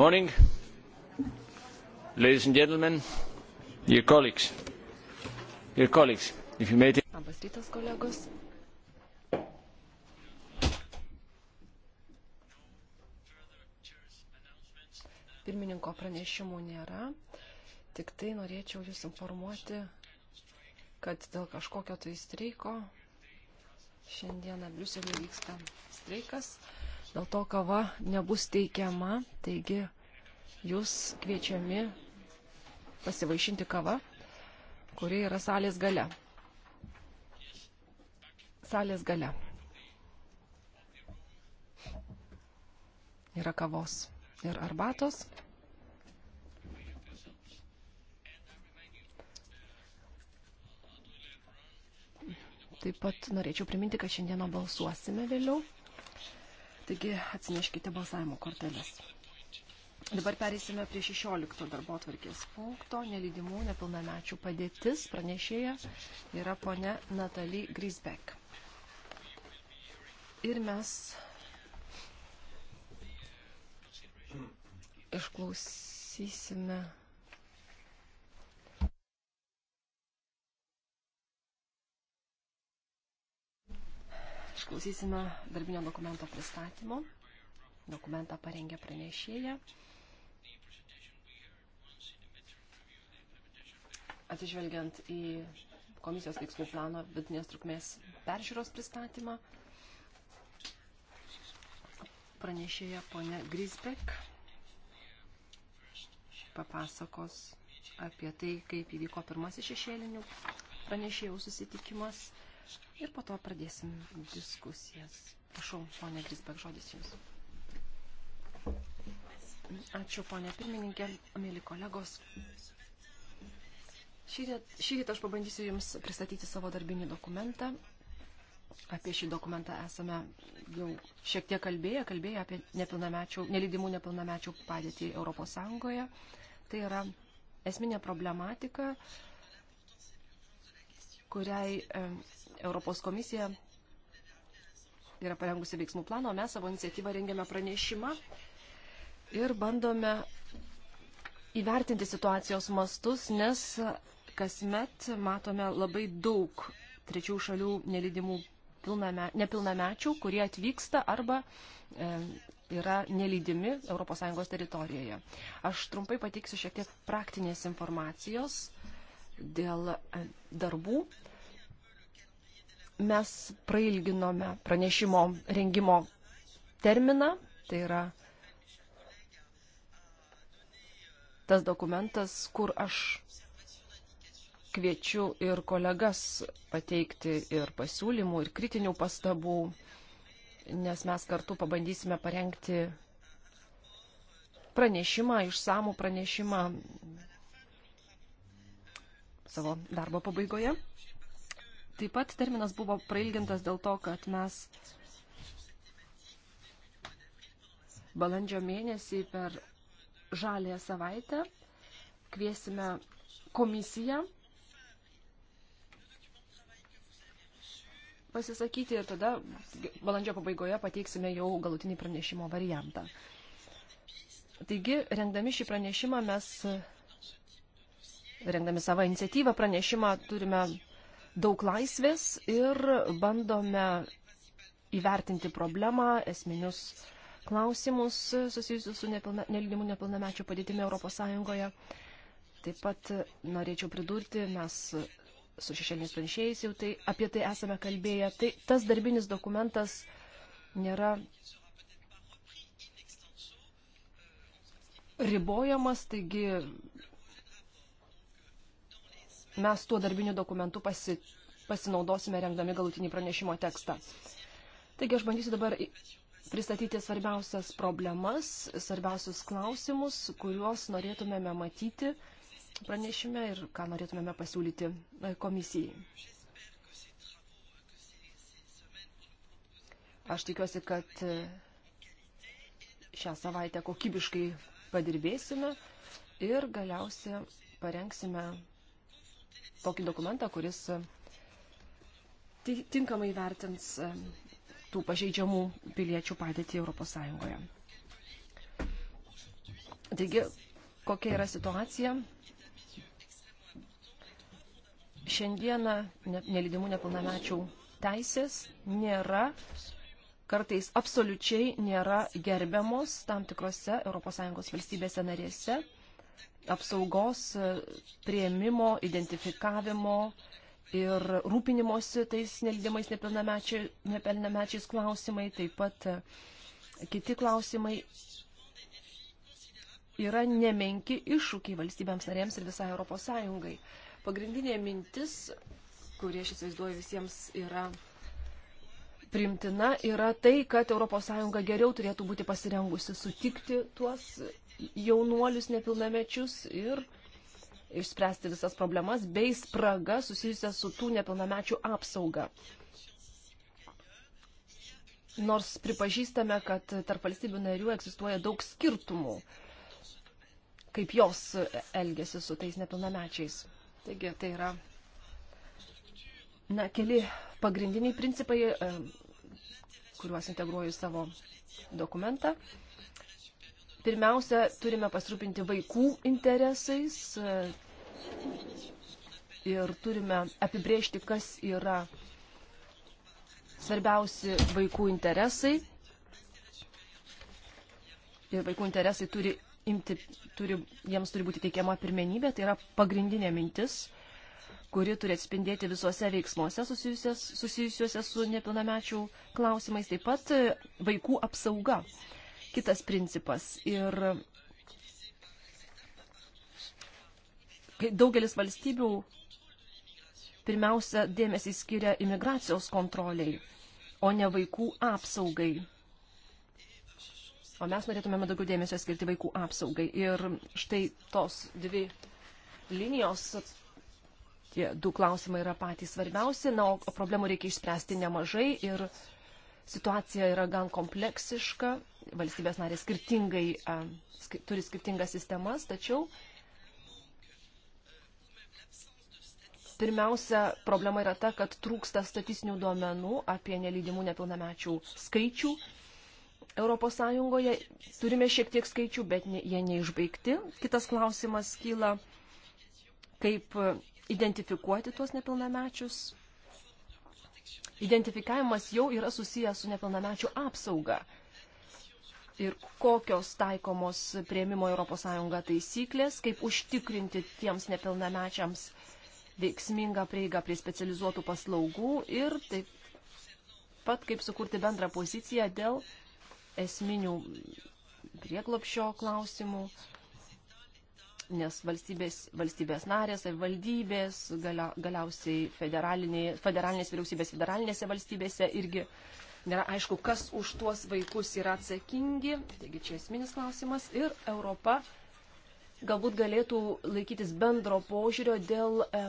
morning, ladies and gentlemen, dear colleagues. Dear colleagues, if you may take... Labas rytas, kolegos. Pirmininko pranešimų nėra, tik tai norėčiau Jūs informuoti, kad dėl kažkokio tai streiko šiandieną Briuselėje vyksta streikas, dėl to kava nebus teikiama, taigi jūs kviečiami pasivaišinti kava, kuri yra salės gale. Salės gale. Yra kavos ir arbatos. Taip pat norėčiau priminti, kad šiandieną balsuosime vėliau. Taigi atsineškite balsavimo korteles. Dabar perėsime prie 16 darbo atvarkės punkto, nelydimų nepilnamečių padėtis, pranešėja yra ponia Natalie Grisbeck. Ir mes išklausysime. Išklausysime darbinio dokumento pristatymo. Dokumentą parengė pranešėja. atsižvelgiant į komisijos veiksmų plano vidutinės trukmės peržiūros pristatymą. Pranešėja ponia Grisbek papasakos apie tai, kaip įvyko pirmasis šešėlinių pranešėjų susitikimas ir po to pradėsim diskusijas. Prašau, ponia Grisbek, žodis jums. Ačiū, ponė pirmininkė, mėly kolegos. Šįryt aš pabandysiu Jums pristatyti savo darbinį dokumentą. Apie šį dokumentą esame jau šiek tiek kalbėję, kalbėję apie nepilnamečių, nelydimų nepilnamečių padėtį Europos Sąjungoje. Tai yra esminė problematika, kuriai Europos komisija yra parengusi veiksmų planą, o mes savo iniciatyvą rengiame pranešimą ir bandome įvertinti situacijos mastus, nes kasmet matome labai daug trečių šalių nelydimų pilname, nepilnamečių, kurie atvyksta arba e, yra nelydimi ES teritorijoje. Aš trumpai patiksiu šiek tiek praktinės informacijos dėl e, darbų. Mes prailginome pranešimo rengimo terminą, tai yra tas dokumentas, kur aš kviečiu ir kolegas pateikti ir pasiūlymų, ir kritinių pastabų, nes mes kartu pabandysime parengti pranešimą, išsamų pranešimą savo darbo pabaigoje. Taip pat terminas buvo prailgintas dėl to, kad mes balandžio mėnesį per žalę savaitę kviesime komisiją pasisakyti ir tada balandžio pabaigoje pateiksime jau galutinį pranešimo variantą. Taigi, rengdami šį pranešimą mes, rengdami savo iniciatyvą pranešimą, turime daug laisvės ir bandome įvertinti problemą, esminius klausimus susijusius su nepilna, nelgimu nepilnamečių padėtimi ES. Taip pat norėčiau pridurti, mes su šešėliniais pranešėjais jau tai apie tai esame kalbėję. Tai tas darbinis dokumentas nėra ribojamas, taigi mes tuo darbiniu dokumentu pasi, pasinaudosime rengdami galutinį pranešimo tekstą. Taigi aš bandysiu dabar pristatyti svarbiausias problemas, svarbiausius klausimus, kuriuos norėtumėme matyti uh, pranešime ir ką norėtumėme pasiūlyti e, komisijai. Aš tikiuosi, kad e, šią savaitę kokybiškai padirbėsime ir galiausiai parengsime tokį dokumentą, kuris e, tinkamai vertins tų pažeidžiamų piliečių padėtį ES. Taigi, kokia yra situacija? Šiandieną nelydimų nepilnamečių teisės nėra, kartais absoliučiai nėra gerbiamos tam tikrose ES valstybėse narėse apsaugos, e, prieimimo, identifikavimo ir rūpinimosi tais nelydimais nepilnamečiais klausimai, taip pat e, kiti klausimai yra nemenki iššūkiai valstybėms narėms ir visai Europos Sąjungai. Pagrindinė mintis, kurie aš įsivaizduoju visiems yra primtina, yra tai, kad ES geriau turėtų būti pasirengusi sutikti tuos jaunuolius nepilnamečius ir išspręsti visas problemas bei spraga susijusias su tų nepilnamečių apsauga. Nors pripažįstame, kad tarp valstybių narių egzistuoja daug skirtumų, kaip jos elgesi su tais nepilnamečiais. Taigi tai yra na, keli pagrindiniai principai, e, kuriuos integruoju į savo dokumentą. Pirmiausia, turime pasirūpinti vaikų interesais e, ir turime apibrėžti, kas yra svarbiausi vaikų interesai. Ir vaikų interesai turi imti, turi, jiems turi būti teikiama pirmenybė, tai yra pagrindinė mintis, kuri turi atspindėti visuose veiksmuose susijusiuose su nepilnamečių klausimais, taip pat e, vaikų apsauga. Kitas principas. Ir daugelis valstybių pirmiausia dėmesį skiria imigracijos kontroliai, o ne vaikų apsaugai O mes norėtumėme daugiau dėmesio skirti vaikų apsaugai. Ir štai tos dvi linijos, tie du klausimai yra patys svarbiausi, na, o problemų reikia išspręsti nemažai ir situacija yra gan kompleksiška, valstybės narės skirtingai a, skir turi skirtingas sistemas, tačiau pirmiausia problema yra ta, kad trūksta statistinių duomenų apie nelydimų nepilnamečių skaičių ES turime šiek tiek skaičių, bet jie neišbaigti. Kitas klausimas kyla, kaip e, identifikuoti tuos nepilnamečius. Identifikavimas jau yra susijęs su nepilnamečių apsauga. Ir kokios taikomos prieimimo ES taisyklės, kaip užtikrinti tiems nepilnamečiams veiksmingą prieigą prie specializuotų paslaugų ir taip pat kaip sukurti bendrą poziciją dėl esminių prieglopšio klausimų, nes valstybės, valstybės narės, valdybės, galia, galiausiai federalinė, federalinės vyriausybės federalinėse valstybėse irgi nėra aišku, kas už tuos vaikus yra atsakingi. Taigi čia esminis klausimas. Ir Europa galbūt galėtų laikytis bendro požiūrio dėl e,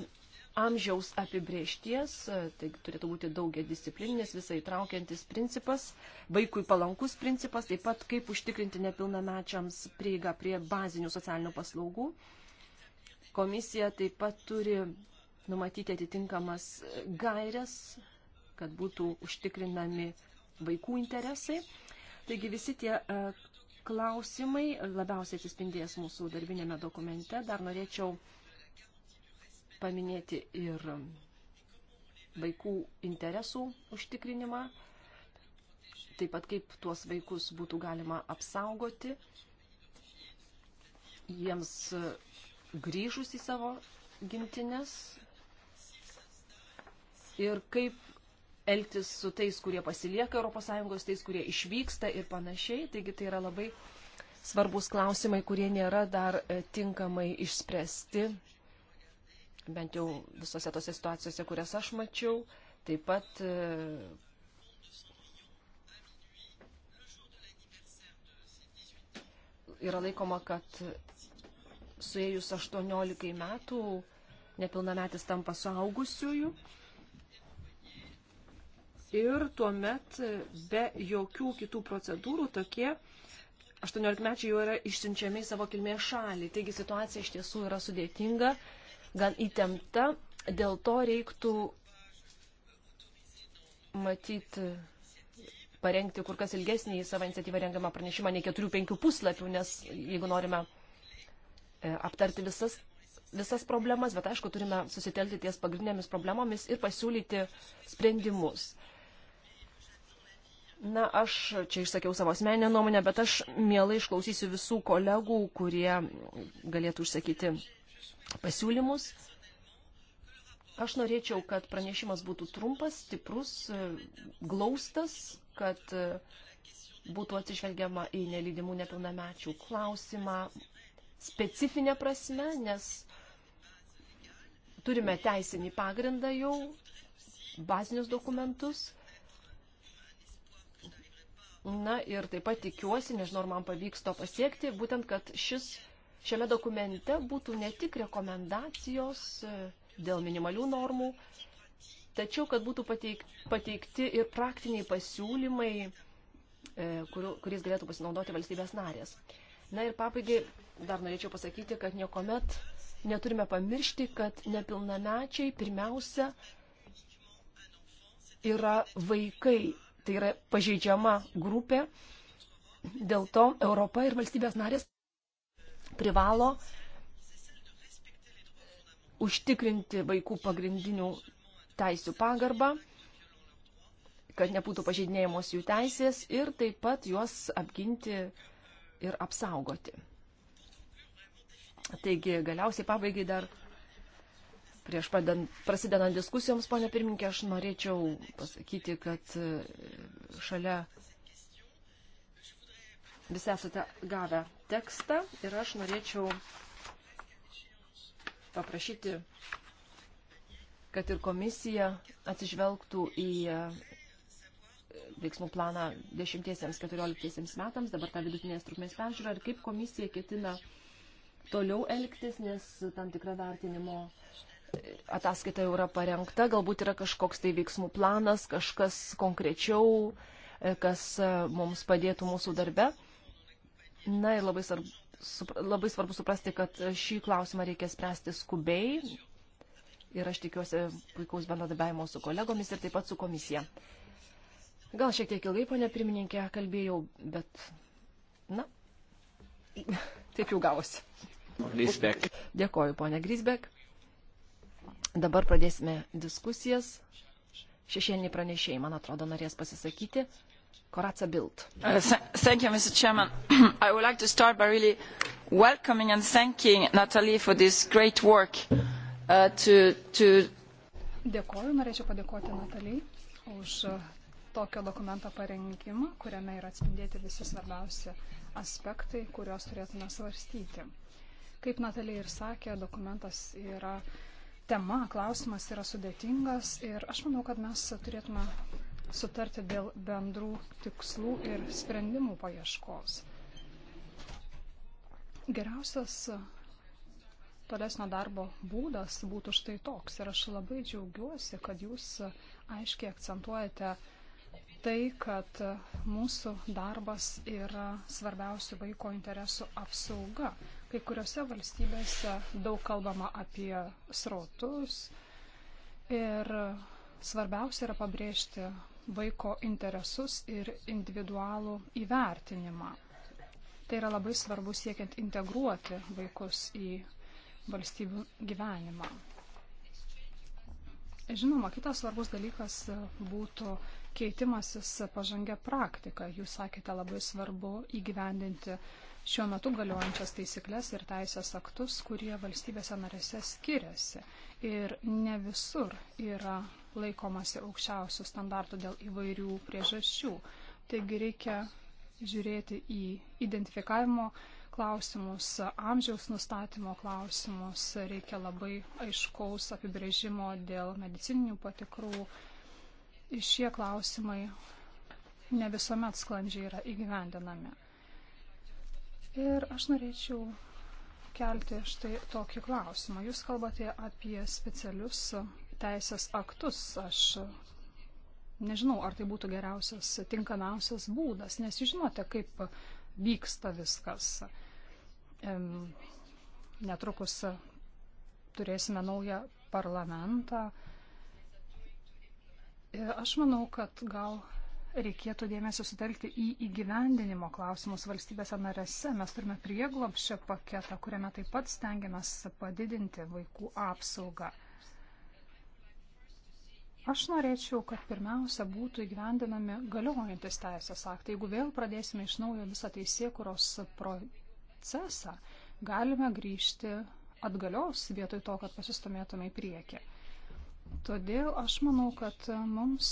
amžiaus apibriešties, e, tai turėtų būti daugia disciplininis, visai traukiantis principas, vaikui palankus principas, taip pat kaip užtikrinti nepilnamečiams prieigą prie bazinių socialinių paslaugų. Komisija taip pat turi numatyti atitinkamas gairias, kad būtų užtikrinami vaikų interesai. Taigi visi tie e, klausimai labiausiai atsispindės mūsų darbinėme dokumente. Dar norėčiau paminėti ir vaikų interesų užtikrinimą, taip pat kaip tuos vaikus būtų galima apsaugoti jiems grįžus į savo gimtinės ir kaip elgtis su tais, kurie pasilieka ES, tais, kurie išvyksta ir panašiai. Taigi tai yra labai svarbus klausimai, kurie nėra dar e, tinkamai išspręsti bent jau visose tose situacijose, kurias aš mačiau, taip pat e, yra laikoma, kad suėjus 18 metų nepilnametis tampa suaugusiųjų ir tuomet e, be jokių kitų procedūrų tokie 18 mečiai jau yra išsiunčiami į savo kilmės šalį. Taigi situacija iš tiesų yra sudėtinga gan įtempta, dėl to reiktų matyti parengti kur kas ilgesnį į savo iniciatyvą rengiamą pranešimą, nei 4-5 puslapių, nes jeigu norime e, aptarti visas, visas problemas, bet aišku, turime susitelti ties pagrindinėmis problemomis ir pasiūlyti sprendimus. Na, aš čia išsakiau savo asmeninę nuomonę, bet aš mielai išklausysiu visų kolegų, kurie galėtų užsakyti pasiūlymus. Aš norėčiau, kad pranešimas būtų trumpas, stiprus, glaustas, kad būtų atsižvelgiama į nelydimų nepilnamečių klausimą specifinę prasme, nes turime teisinį pagrindą jau, bazinius dokumentus. Na ir taip pat tikiuosi, nežinau, ar man pavyks to pasiekti, būtent, kad šis šiame dokumente būtų ne tik rekomendacijos e, dėl minimalių normų, tačiau kad būtų pateik, pateikti ir praktiniai pasiūlymai, e, kur, kuriais galėtų pasinaudoti valstybės narės. Na ir pabaigai dar norėčiau pasakyti, kad niekuomet neturime pamiršti, kad nepilnamečiai pirmiausia yra vaikai, tai yra pažeidžiama grupė, dėl to Europa ir valstybės narės privalo užtikrinti vaikų pagrindinių teisių pagarbą, kad nebūtų pažeidinėjamos jų teisės ir taip pat juos apginti ir apsaugoti. Taigi, galiausiai pabaigai dar prieš prasidedant diskusijoms, ponia pirminkė, aš norėčiau pasakyti, kad šalia Visi esate gavę tekstą ir aš norėčiau paprašyti, kad ir komisija atsižvelgtų į e, veiksmų planą 10-14 metams, dabar tą vidutinės trukmės peržiūrą ir kaip komisija ketina toliau elgtis, nes tam tikra vertinimo e, ataskaita jau yra parengta, galbūt yra kažkoks tai veiksmų planas, kažkas konkrečiau, e, kas mums padėtų mūsų darbe. Na ir labai svarbu, labai svarbu suprasti, kad šį klausimą reikia spręsti skubiai ir aš tikiuosi puikaus bendradarbiavimo su kolegomis ir taip pat su komisija. Gal šiek tiek ilgai, ponė pirmininkė, kalbėjau, bet, na, taip jau gavosi. Grisbek. Dėkoju, ponė Grisbek. Dabar pradėsime diskusijas. Šešėliniai pranešėjai, man atrodo, norės pasisakyti. Corazza Bild. Uh, th thank you, Mr. Chairman. I would like to start by really welcoming and thanking Natalie for this great work uh, to, to Dėkoju, norėčiau padėkoti Natalijai už uh, tokio dokumento parengimą, kuriame yra atspindėti visi svarbiausi aspektai, kuriuos turėtume svarstyti. Kaip Natalija ir sakė, dokumentas yra tema, klausimas yra sudėtingas ir aš manau, kad mes turėtume sutarti dėl bendrų tikslų ir sprendimų paieškos. Geriausias tolesnio darbo būdas būtų štai toks. Ir aš labai džiaugiuosi, kad jūs aiškiai akcentuojate tai, kad mūsų darbas yra svarbiausių vaiko interesų apsauga. Kai kuriuose valstybėse daug kalbama apie srautus ir svarbiausia yra pabrėžti vaiko interesus ir individualų įvertinimą. Tai yra labai svarbu siekiant integruoti vaikus į valstybių gyvenimą. Žinoma, kitas svarbus dalykas būtų keitimasis pažangę praktiką. Jūs sakėte, labai svarbu įgyvendinti šiuo metu galiojančias taisyklės ir teisės aktus, kurie valstybėse narėse skiriasi ir ne visur yra laikomasi aukščiausių standartų dėl įvairių priežasčių. Taigi reikia žiūrėti į identifikavimo klausimus, amžiaus nustatymo klausimus, reikia labai aiškaus apibrėžimo dėl medicininių patikrų. Šie klausimai ne visuomet sklandžiai yra įgyvendinami. Ir aš norėčiau kelti štai tokį klausimą. Jūs kalbate apie specialius teisės aktus. Aš nežinau, ar tai būtų geriausias, tinkamiausias būdas, nes jūs žinote, kaip vyksta viskas. Netrukus turėsime naują parlamentą. E, aš manau, kad gal reikėtų dėmesį sutelkti į įgyvendinimo klausimus valstybėse narėse. Mes turime prieglopščio paketą, kuriame taip pat stengiamės padidinti vaikų apsaugą. Aš norėčiau, kad pirmiausia būtų įgyvendinami galiojantis teisės aktai. Jeigu vėl pradėsime iš naujo visą teisėkuros procesą, galime grįžti atgalios vietoj to, kad pasistumėtume į priekį. Todėl aš manau, kad mums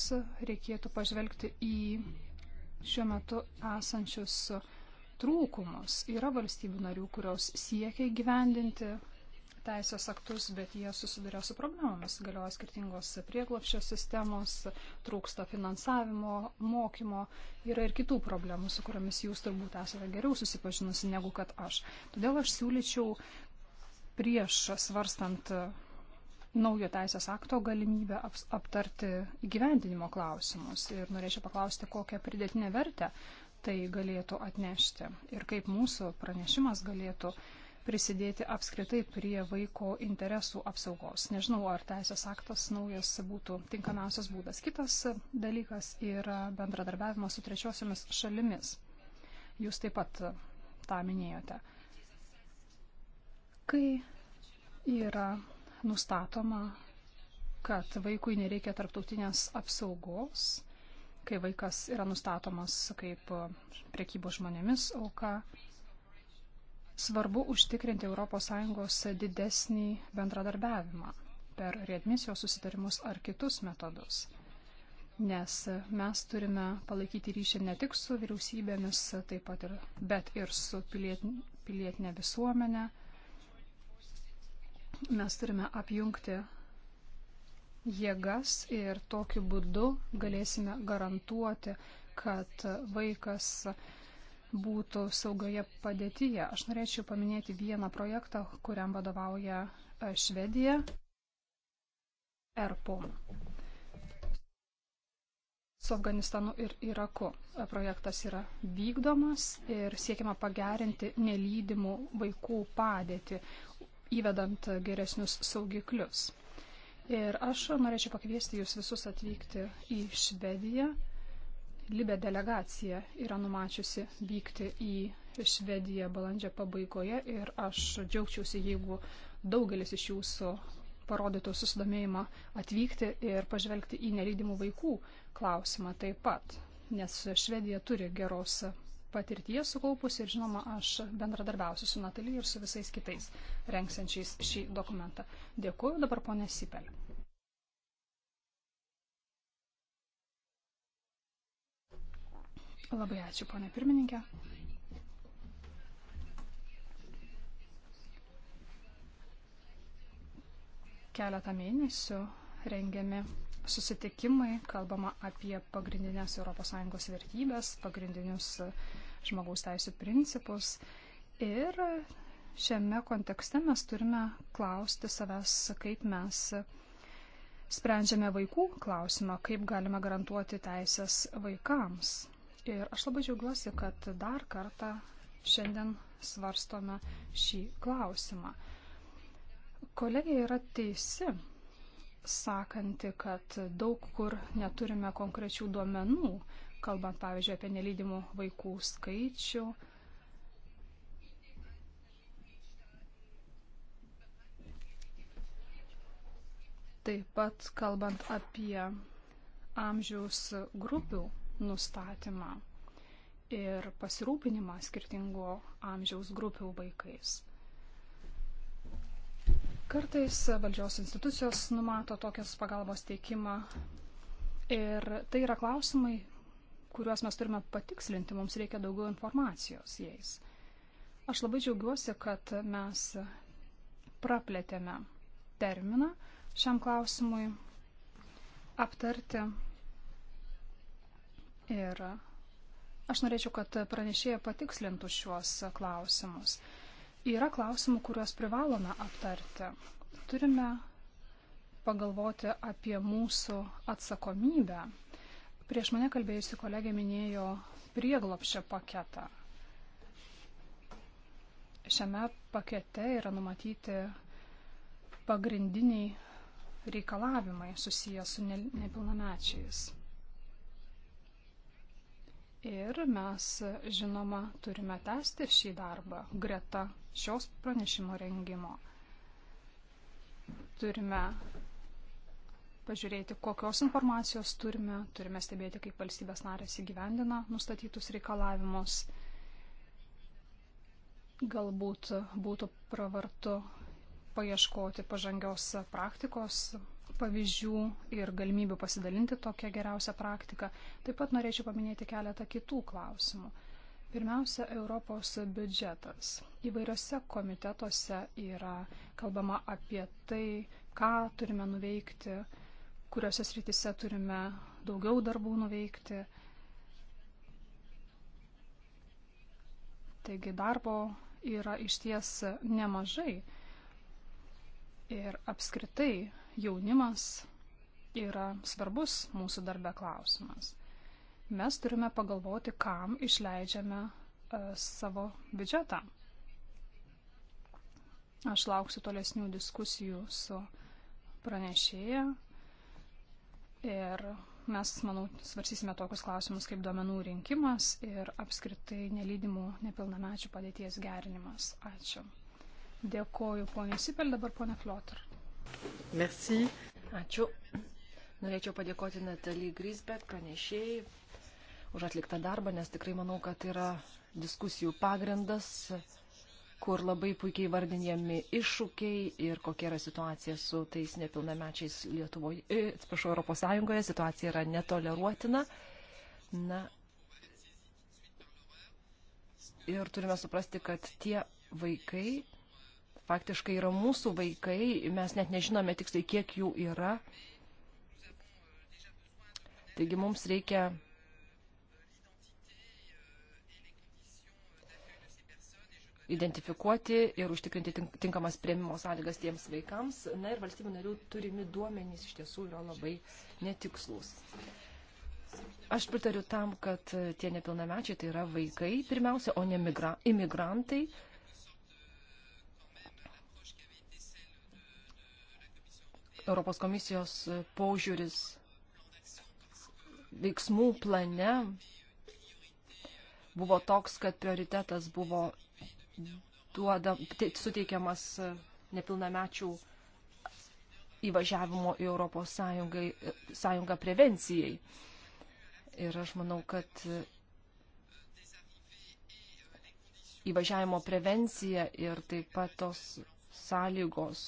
reikėtų pažvelgti į šiuo metu esančius trūkumus. Yra valstybių narių, kurios siekia įgyvendinti teisės aktus, bet jie susiduria su problemomis. Galioja skirtingos prieglopščio sistemos, trūksta finansavimo, mokymo, yra ir kitų problemų, su kuriamis jūs turbūt esate geriau susipažinusi negu kad aš. Todėl aš siūlyčiau prieš svarstant naujo teisės akto galimybę aptarti įgyvendinimo klausimus. Ir norėčiau paklausti, kokią pridėtinę vertę tai galėtų atnešti ir kaip mūsų pranešimas galėtų prisidėti apskritai prie vaiko interesų apsaugos. Nežinau, ar teisės aktas naujas būtų tinkamiausias būdas. Kitas dalykas yra bendradarbiavimas su trečiosiomis šalimis. Jūs taip pat tą minėjote. Kai yra nustatoma, kad vaikui nereikia tarptautinės apsaugos, kai vaikas yra nustatomas kaip priekybo žmonėmis auka. Svarbu užtikrinti ES didesnį bendradarbiavimą per readmisijos susitarimus ar kitus metodus nes mes turime palaikyti ryšį ne tik su vyriausybėmis, taip pat ir, bet ir su pilietinė, pilietinė visuomenė, Mes turime apjungti jėgas ir tokiu būdu galėsime garantuoti, kad vaikas būtų saugoje padėtyje. Aš norėčiau paminėti vieną projektą, kuriam vadovauja e, Švedija. ERPOM su Afganistanu ir Iraku. E, projektas yra vykdomas ir siekiama pagerinti nelydimų vaikų padėtį, įvedant geresnius saugiklius. Ir aš norėčiau pakviesti jūs visus atvykti į Švediją. Libė delegacija yra numačiusi vykti į Švediją balandžio pabaigoje ir aš džiaugčiausi, jeigu daugelis iš jūsų parodytų susidomėjimą atvykti ir pažvelgti į nelydimų vaikų klausimą taip pat, nes Švedija turi geros patirties sukaupusi ir žinoma, aš bendradarbiausiu su Natalija ir su visais kitais renksančiais šį dokumentą. Dėkuoju dabar ponė Sipelė. Labai ačiū, ponė pirmininkė. Keletą mėnesių rengiami susitikimai, kalbama apie pagrindinės ES vertybės, pagrindinius žmogaus teisų principus. Ir šiame kontekste mes turime klausti savęs, kaip mes sprendžiame vaikų klausimą, kaip galime garantuoti teisės vaikams. Ir aš labai džiaugiuosi, kad dar kartą šiandien svarstome šį klausimą. Kolegija yra teisi, sakanti, kad daug kur neturime konkrečių duomenų, kalbant pavyzdžiui apie nelydimų vaikų skaičių. Taip pat kalbant apie amžiaus grupių nustatymą ir pasirūpinimą skirtingo amžiaus grupių vaikais. Kartais valdžios institucijos numato tokias pagalbos teikimą ir tai yra klausimai, kuriuos mes turime patikslinti, mums reikia daugiau informacijos jais. Aš labai džiaugiuosi, kad mes praplėtėme terminą šiam klausimui aptarti. Ir aš norėčiau, kad pranešėja patikslintų šiuos klausimus. Yra klausimų, kuriuos privalome aptarti. Turime pagalvoti apie mūsų atsakomybę. Prieš mane kalbėjusi kolegė minėjo prieglopščio paketą. Šiame pakete yra numatyti pagrindiniai reikalavimai susiję su nepilnamečiais. Ir mes, žinoma, turime tęsti šį darbą greta šios pranešimo rengimo. Turime pažiūrėti, kokios informacijos turime, turime stebėti, kaip valstybės narės įgyvendina nustatytus reikalavimus. Galbūt būtų pravartu paieškoti pažangios praktikos pavyzdžių ir galimybių pasidalinti tokią geriausią praktiką. Taip pat norėčiau paminėti keletą kitų klausimų. Pirmiausia, Europos biudžetas. Įvairiose komitetuose yra kalbama apie tai, ką turime nuveikti, kuriuose srityse turime daugiau darbų nuveikti. Taigi darbo yra išties nemažai. Ir apskritai jaunimas yra svarbus mūsų darbe klausimas mes turime pagalvoti, kam išleidžiame e, savo biudžetą. Aš lauksiu tolesnių diskusijų su pranešėja ir mes, manau, svarsysime tokius klausimus kaip duomenų rinkimas ir apskritai nelydimų nepilnamečių padėties gerinimas. Ačiū. Dėkoju ponė Sipel, dabar ponė Flotr. Merci. Ačiū. Norėčiau padėkoti Natalį Grisbek, pranešėjai, už atliktą darbą, nes tikrai manau, kad yra diskusijų pagrindas, kur labai puikiai vardinėmi iššūkiai ir kokia yra situacija su tais nepilnamečiais Lietuvoje, e, atsiprašau, Europos Sąjungoje, situacija yra netoleruotina. Na, ir turime suprasti, kad tie vaikai faktiškai yra mūsų vaikai, mes net nežinome tiksliai, kiek jų yra. Taigi mums reikia identifikuoti ir užtikrinti tinkamas prieimimo sąlygas tiems vaikams. Na ir valstybių narių turimi duomenys iš tiesų yra labai netikslus. Aš pritariu tam, kad tie nepilnamečiai tai yra vaikai pirmiausia, o ne migra, imigrantai. Europos komisijos paužiūris veiksmų plane buvo toks, kad prioritetas buvo duoda, tai suteikiamas e, nepilnamečių įvažiavimo į Europos Sąjungą, e, sąjungą prevencijai. Ir aš manau, kad e, įvažiavimo prevencija ir taip pat tos sąlygos,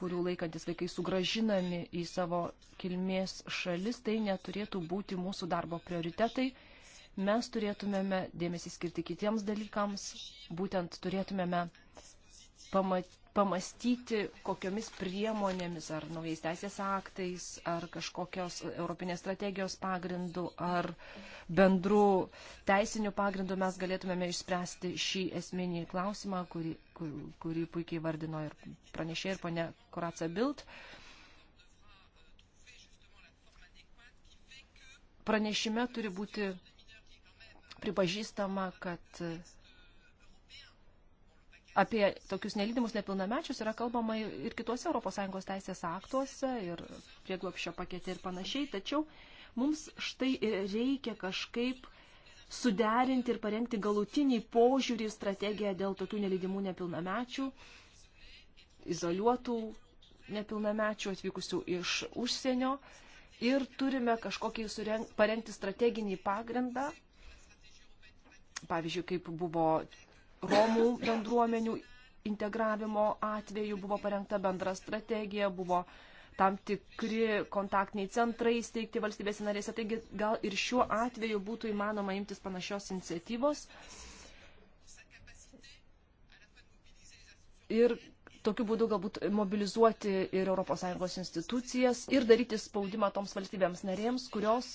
kurių laikantis vaikai sugražinami į savo kilmės šalis, tai neturėtų būti mūsų darbo prioritetai mes turėtumėme dėmesį skirti kitiems dalykams, būtent turėtumėme pamastyti, kokiomis priemonėmis ar naujais teisės aktais, ar kažkokios europinės strategijos pagrindų, ar bendrų teisinių pagrindų mes galėtumėme išspręsti šį esminį klausimą, kurį, kur, kurį puikiai vardino ir pranešė ir ponia Koraca Bild. Pranešime turi būti pripažįstama, kad apie tokius nelydimus nepilnamečius yra kalbama ir kituose ES teisės aktuose ir prieglopščio pakete ir panašiai, tačiau mums štai reikia kažkaip suderinti ir parengti galutinį požiūrį ir strategiją dėl tokių nelydimų nepilnamečių, izoliuotų nepilnamečių atvykusių iš užsienio ir turime kažkokį sureng, parengti strateginį pagrindą pavyzdžiui, kaip buvo Romų bendruomenių integravimo atveju, buvo parengta bendra strategija, buvo tam tikri kontaktiniai centrai įsteigti valstybės narėse. Taigi gal ir šiuo atveju būtų įmanoma imtis panašios iniciatyvos. Ir tokiu būdu galbūt mobilizuoti ir ES institucijas ir daryti spaudimą toms valstybėms narėms, kurios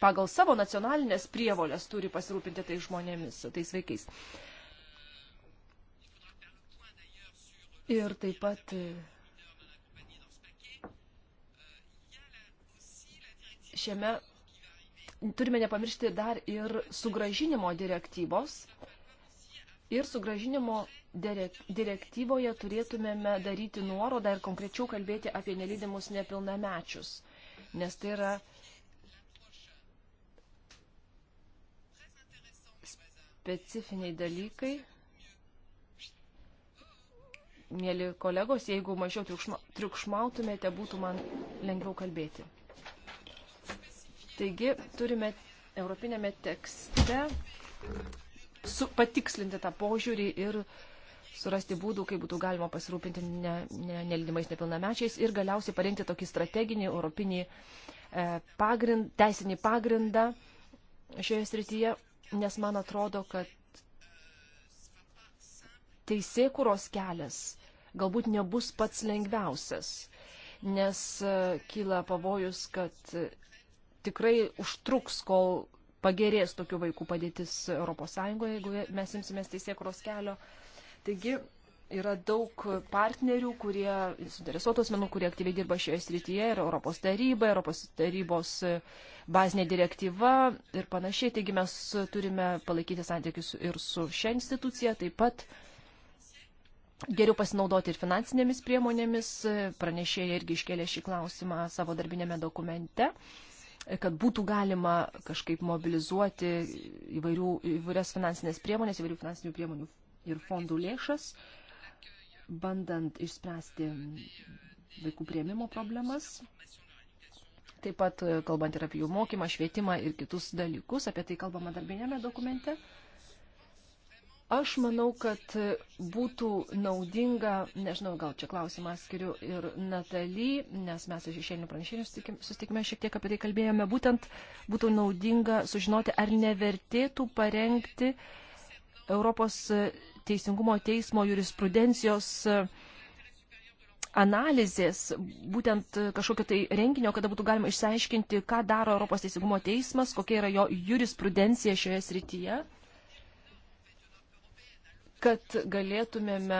pagal savo nacionalinės prievolės turi pasirūpinti tais žmonėmis, tais vaikais. Ir taip pat e, šiame turime nepamiršti dar ir sugražinimo direktyvos. Ir sugražinimo direktyvoje turėtumėme daryti nuorodą ir konkrečiau kalbėti apie nelydimus nepilnamečius, nes tai yra specifiniai dalykai. Mėly kolegos, jeigu mažiau triukšma, triukšmautumėte, būtų man lengviau kalbėti. Taigi, turime Europinėme tekste su, patikslinti tą požiūrį ir surasti būdų, kaip būtų galima pasirūpinti nelydimais ne, ne nepilnamečiais ir galiausiai parengti tokį strateginį europinį e, pagrind, teisinį pagrindą šioje srityje, nes man atrodo, kad teisėkuros kelias galbūt nebus pats lengviausias, nes e, kyla pavojus, kad tikrai užtruks, kol pagerės tokių vaikų padėtis ES, jeigu mes imsimės teisėkuros kelio. Taigi yra daug partnerių, kurie, suinteresuotos menų, kurie aktyviai dirba šioje srityje, ir Europos taryba, Europos tarybos e, bazinė direktyva ir panašiai. Taigi mes turime palaikyti santykius ir su šia institucija, taip pat geriau pasinaudoti ir finansinėmis priemonėmis. E, pranešėja irgi iškėlė šį klausimą savo darbinėme dokumente e, kad būtų galima kažkaip mobilizuoti įvairių, įvairias finansinės priemonės, įvairių finansinių priemonių ir fondų lėšas. Uh, bandant išspręsti vaikų prieimimo problemas. Taip pat e, kalbant ir apie jų mokymą, švietimą ir kitus dalykus, apie tai kalbama darbinėme dokumente. Aš manau, kad būtų naudinga, nežinau, gal čia klausimą skiriu ir Nataly, nes mes iš išėlinių pranešėjų susitikime šiek tiek apie tai kalbėjome, būtent būtų naudinga sužinoti, ar nevertėtų parengti uh, Europos e, teisingumo teismo jurisprudencijos e, analizės, būtent e, kažkokio tai renginio, kada būtų galima išsiaiškinti, ką daro Europos teisingumo teismas, kokia yra jo jurisprudencija šioje srityje, kad galėtumėme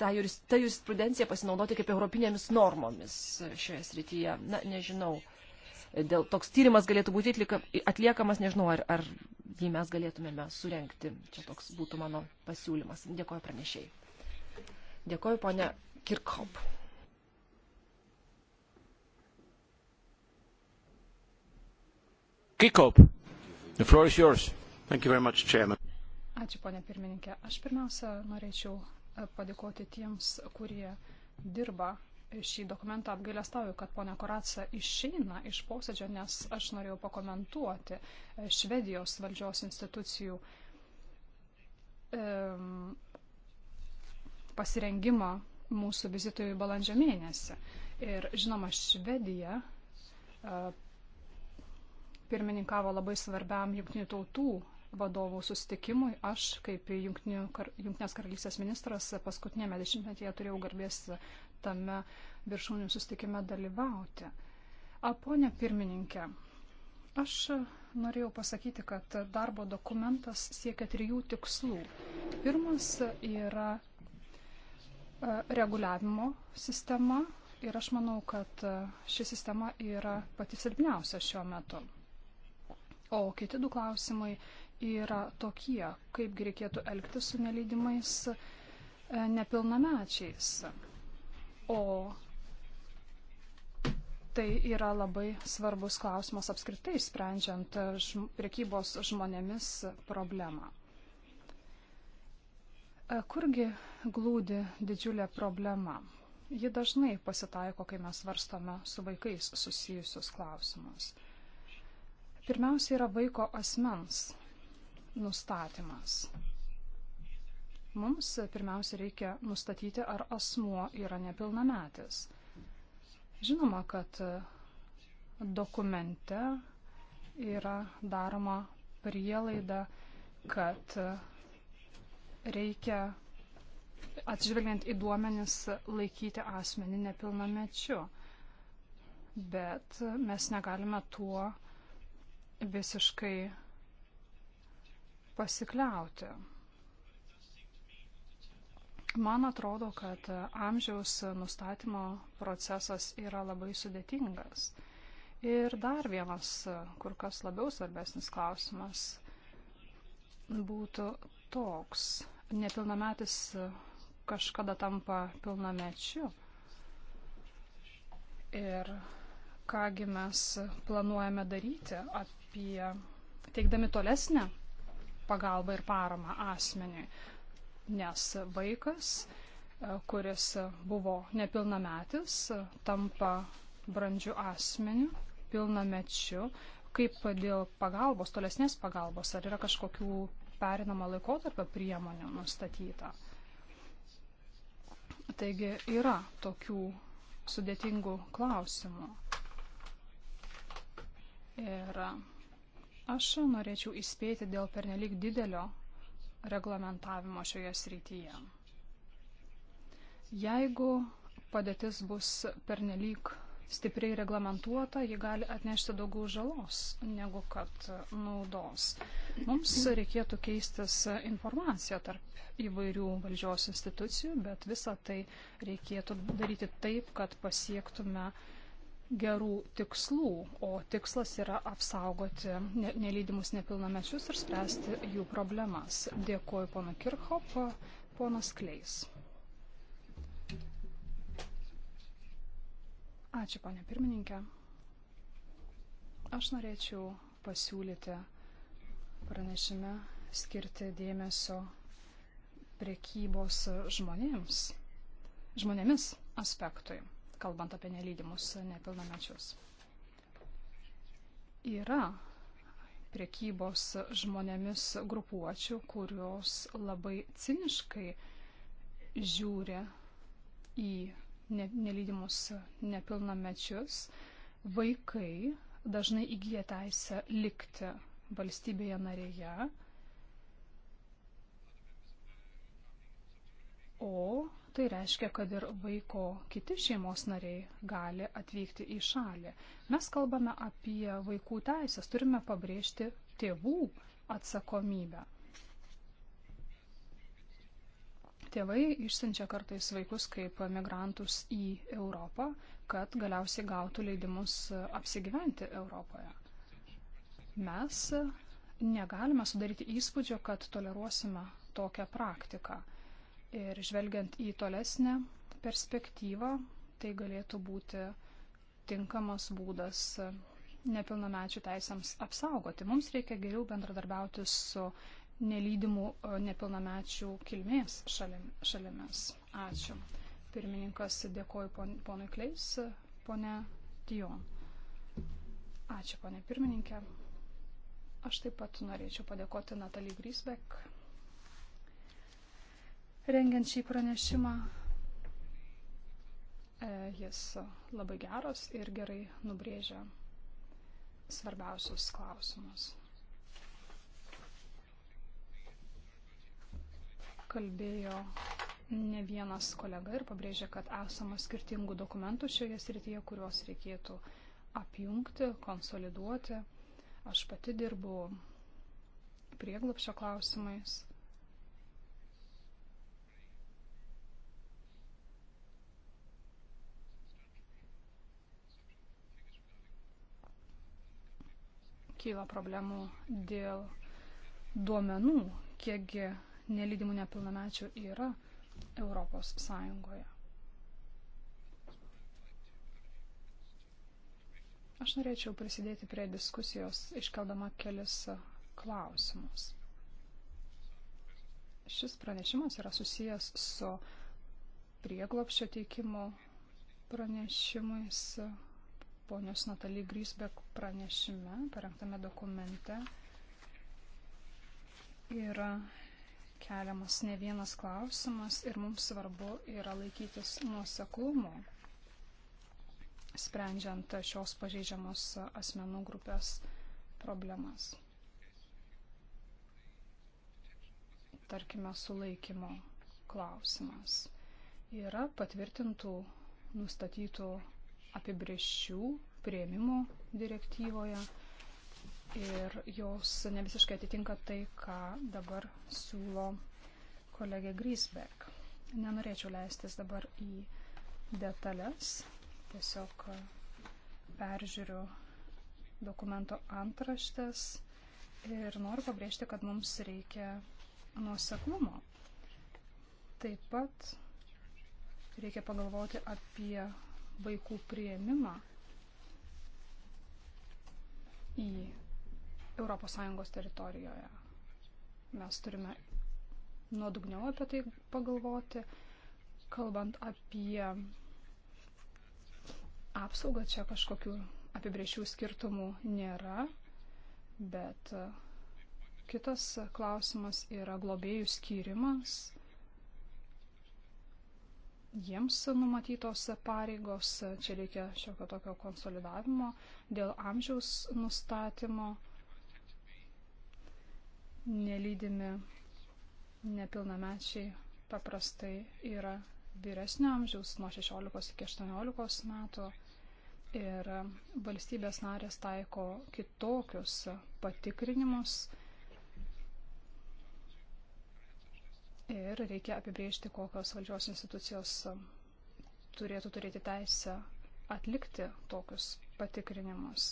tą jurisprudenciją pasinaudoti kaip europinėmis normomis šioje srityje. Na, nežinau dėl toks tyrimas galėtų būti atlika, atliekamas, nežinau, ar, ar jį mes galėtumėme surenkti. Čia toks būtų mano pasiūlymas. Dėkoju pranešėjai. Dėkoju, ponė Kirkhop. Kirkhop, the floor is yours. Thank you very much, Chairman. Ačiū, ponė pirmininkė. Aš pirmiausia norėčiau e, padėkoti tiems, kurie dirba šį dokumentą apgailestauju, kad ponia Koratsa išeina iš posėdžio, nes aš norėjau pakomentuoti e, Švedijos valdžios institucijų pasirengimą mūsų vizitui balandžio mėnesį. Ir žinoma, Švedija e, pirmininkavo labai svarbiam jungtinių tautų vadovų sustikimui. Aš, kaip Junktinės karalystės ministras, paskutinėme dešimtmetyje turėjau garbės tame viršūnių sustikime dalyvauti. A, ponė pirmininkė, aš norėjau pasakyti, kad darbo dokumentas siekia trijų tikslų. Pirmas yra e, reguliavimo sistema ir aš manau, kad e, ši sistema yra pati silpniausia šiuo metu. O kiti du klausimai yra tokie, kaipgi reikėtų elgtis su nelydimais e, nepilnamečiais. O tai yra labai svarbus klausimas apskritai sprendžiant e, žm priekybos žmonėmis problemą. E, kurgi glūdi didžiulė problema? Ji dažnai pasitaiko, kai mes varstome su vaikais susijusius klausimus. Pirmiausia yra vaiko asmens nustatymas. Mums pirmiausia reikia nustatyti, ar asmuo yra nepilnametis. Žinoma, kad dokumente yra daroma prielaida, kad reikia atsižvelgiant į duomenis laikyti asmenį nepilnamečiu. Bet mes negalime tuo visiškai pasikliauti. Man atrodo, kad amžiaus nustatymo procesas yra labai sudėtingas. Ir dar vienas, kur kas labiau svarbesnis klausimas būtų toks. Nepilnametis kažkada tampa pilnamečiu. Ir kągi mes planuojame daryti apie teikdami tolesnę pagalbą ir paramą asmeniui. Nes vaikas, e, kuris buvo nepilnametis, tampa brandžių asmenių, pilnamečių. Kaip dėl pagalbos, tolesnės pagalbos, ar yra kažkokių perinamo laikotarpio priemonių nustatyta? Taigi yra tokių sudėtingų klausimų. Ir Aš norėčiau įspėti dėl pernelyg didelio reglamentavimo šioje srityje. Jeigu padėtis bus pernelyg stipriai reglamentuota, ji gali atnešti daugiau žalos negu kad naudos. Mums reikėtų keistis informacija tarp įvairių valdžios institucijų, bet visą tai reikėtų daryti taip, kad pasiektume uh, gerų tikslų, o tikslas yra apsaugoti nelydimus nepilnamečius ir spręsti jų problemas. Dėkuoju pono Kirchop, ponas Kleis. Ačiū, ponė pirmininkė. Aš norėčiau pasiūlyti pranešime skirti dėmesio priekybos žmonėms, žmonėmis aspektui kalbant apie nelydimus nepilnamečius. Yra priekybos žmonėmis grupuočių, kurios labai ciniškai žiūri į nelydimus nepilnamečius. Vaikai dažnai įgyja teisę likti valstybėje narėje, o Tai reiškia, kad ir vaiko kiti šeimos nariai gali atvykti į šalį. Mes kalbame apie vaikų teisės, turime pabrėžti tėvų atsakomybę. Tėvai išsiunčia kartais vaikus kaip migrantus į Europą, kad galiausiai gautų leidimus apsigyventi Europoje. Mes negalime sudaryti įspūdžio, kad toleruosime tokią praktiką. Ir žvelgiant į tolesnę perspektyvą, tai galėtų būti tinkamas būdas nepilnamečių teisėms apsaugoti. Mums reikia geriau bendradarbiauti su nelydimų e, nepilnamečių kilmės šalimis. Ačiū. Pirmininkas dėkoju ponui Kleis, ponė Dion. Ačiū, ponė pirmininkė. Aš taip pat norėčiau padėkoti Natalijai Grisbek rengiant šį pranešimą. E, jis labai geras ir gerai nubrėžia svarbiausius klausimus. Kalbėjo ne vienas kolega ir pabrėžė, kad esama skirtingų dokumentų šioje srityje, kuriuos reikėtų apjungti, konsoliduoti. Aš pati dirbu prieglapšio klausimais kyla problemų dėl duomenų, kiekgi nelydimų nepilnamečių yra Europos Sąjungoje. Aš norėčiau prisidėti prie diskusijos iškeldama kelis klausimus. Šis pranešimas yra susijęs su prieglopščio teikimu pranešimais ponios Natalie Grisbek pranešime, parengtame dokumente, yra keliamas ne vienas klausimas ir mums svarbu yra laikytis nuoseklumo, sprendžiant šios pažeidžiamos asmenų grupės problemas. Tarkime, sulaikymo klausimas. Yra patvirtintų nustatytų apibrėžčių prieimimo direktyvoje ir jos nevisiškai atitinka tai, ką dabar siūlo kolegė Grisberg. Nenorėčiau leistis dabar į detalės, tiesiog peržiūriu dokumento antraštės ir noriu pabrėžti, kad mums reikia nuoseklumo. Taip pat reikia pagalvoti apie vaikų prieimimą į ES teritorijoje. Mes turime nuodugniau apie tai pagalvoti, kalbant apie apsaugą, čia kažkokių apibriešių skirtumų nėra, bet kitas klausimas yra globėjų skyrimas jiems numatytos pareigos. Čia reikia šiokio tokio konsolidavimo dėl amžiaus nustatymo. Nelydimi nepilnamečiai paprastai yra vyresnio amžiaus nuo 16 iki 18 metų ir valstybės narės taiko kitokius patikrinimus ir reikia apibriežti, kokios valdžios institucijos um, turėtų turėti teisę atlikti tokius patikrinimus.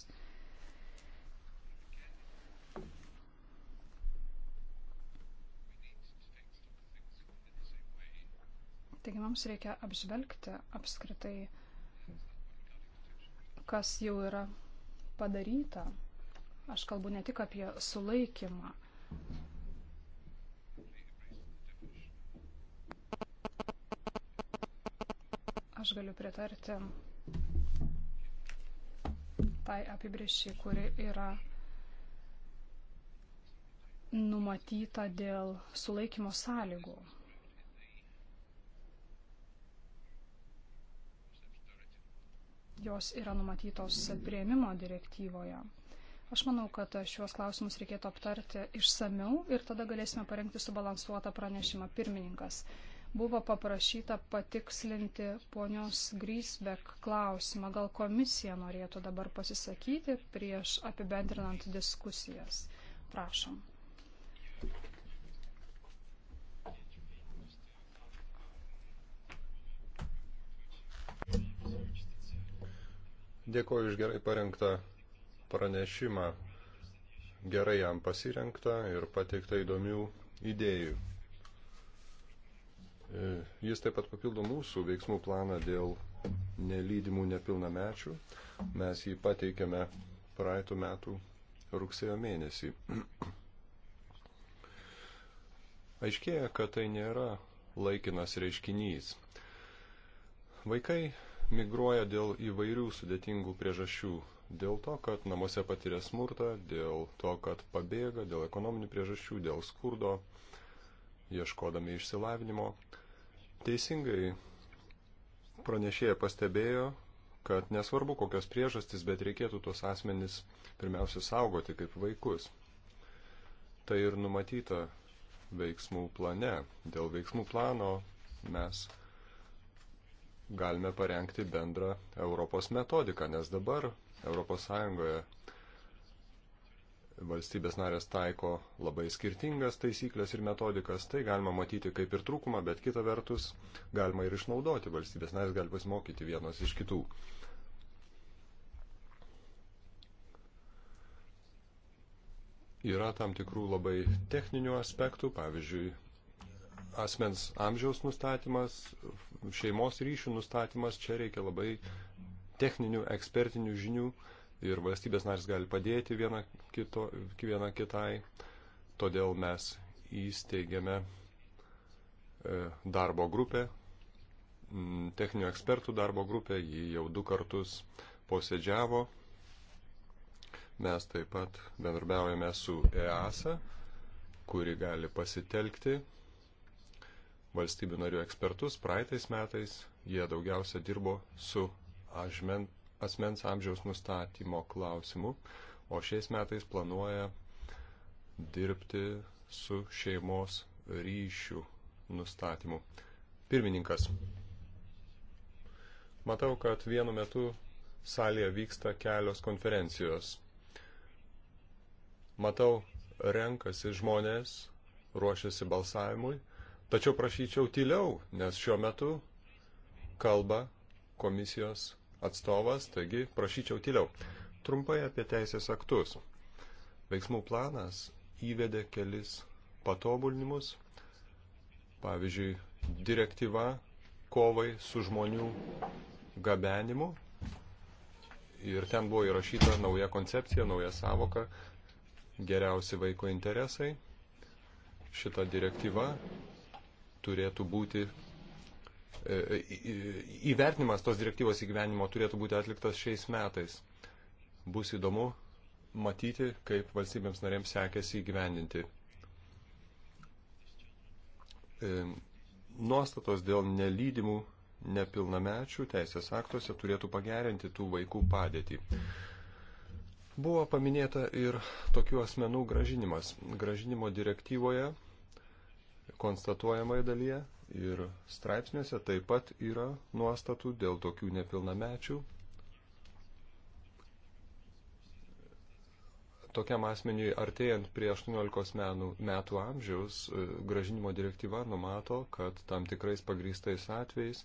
Taigi mums reikia apžvelgti apskritai, kas jau yra padaryta. Aš kalbu ne tik apie sulaikymą, Aš galiu pritarti tai apibriešiai, kuri yra numatyta dėl sulaikymo sąlygų. Jos yra numatytos prieimimo direktyvoje. Aš manau, kad šiuos klausimus reikėtų aptarti išsamiau ir tada galėsime parengti subalansuotą pranešimą pirmininkas buvo paprašyta patikslinti ponios Grysbek klausimą. Gal komisija norėtų dabar pasisakyti prieš apibendrinant diskusijas? Prašom. Dėkuoju iš gerai parengtą pranešimą. Gerai jam pasirengta ir pateikta įdomių idėjų. E, jis taip pat papildo mūsų veiksmų planą dėl nelydimų nepilnamečių. Mes jį pateikėme praeitų metų rugsėjo mėnesį. Aiškėja, kad tai nėra laikinas reiškinys. Vaikai migruoja dėl įvairių sudėtingų priežasčių. Dėl to, kad namuose patiria smurtą, dėl to, kad pabėga, dėl ekonominių priežasčių, dėl skurdo, ieškodami išsilavinimo. Teisingai pranešėja pastebėjo, kad nesvarbu kokios priežastys, bet reikėtų tuos asmenys pirmiausia saugoti kaip vaikus. Tai ir numatyta veiksmų plane. Dėl veiksmų plano mes galime parengti bendrą Europos metodiką, nes dabar ES valstybės narės taiko labai skirtingas taisyklės ir metodikas, tai galima matyti kaip ir trūkumą, bet kita vertus galima ir išnaudoti, valstybės narės gali pasimokyti vienos iš kitų. Yra tam tikrų labai techninių aspektų, pavyzdžiui, asmens amžiaus nustatymas, šeimos ryšių nustatymas, čia reikia labai techninių, ekspertinių žinių, ir valstybės narės gali padėti viena, kito, viena kitai. Todėl mes įsteigėme e, darbo grupę, techninių ekspertų darbo grupę, ji jau du kartus posėdžiavo. Mes taip pat bendrabiaujame su EASA, kuri gali pasitelkti valstybių narių ekspertus. Praeitais metais jie daugiausia dirbo su ažmen, asmens amžiaus nustatymo klausimų, o šiais metais planuoja dirbti su šeimos ryšių nustatymu. Pirmininkas. Matau, kad vienu metu salėje vyksta kelios konferencijos. Matau, renkasi žmonės, ruošiasi balsavimui, tačiau prašyčiau tyliau, nes šiuo metu kalba komisijos atstovas, taigi prašyčiau tyliau. Trumpai apie teisės aktus. Veiksmų planas įvedė kelis patobulinimus, pavyzdžiui, direktyva kovai su žmonių gabenimu. Ir ten buvo įrašyta nauja koncepcija, nauja savoka, geriausi vaiko interesai. Šita direktyva turėtų būti E, e, e, įvertinimas tos direktyvos įgyvenimo turėtų būti atliktas šiais metais. Bus įdomu matyti, kaip valstybėms narėms sekėsi įgyvendinti. Nuostatos dėl nelydimų nepilnamečių teisės aktuose turėtų pagerinti tų vaikų padėtį. Buvo paminėta ir tokių asmenų gražinimas. Gražinimo direktyvoje konstatuojamoje dalyje ir straipsniuose taip pat yra nuostatų dėl tokių nepilnamečių. Tokiam asmeniui artėjant prie 18 menų, metų amžiaus e, gražinimo direktyva numato, kad tam tikrais pagrįstais atvejais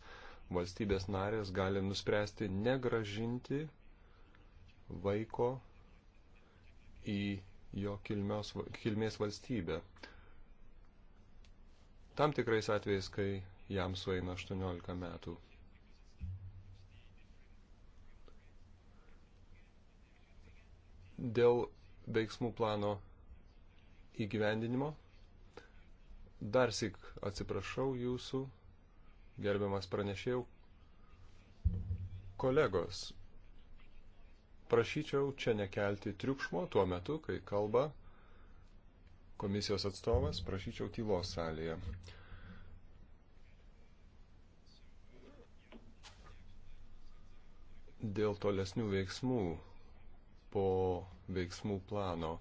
valstybės narės gali nuspręsti negražinti vaiko į jo kilmios, kilmės valstybę tam tikrais atvejais, kai jam sueina 18 metų. Dėl veiksmų plano įgyvendinimo dar sik atsiprašau jūsų, gerbiamas pranešėjau, kolegos, prašyčiau čia nekelti triukšmo tuo metu, kai kalba komisijos atstovas, prašyčiau tylos salėje. Dėl tolesnių veiksmų po veiksmų plano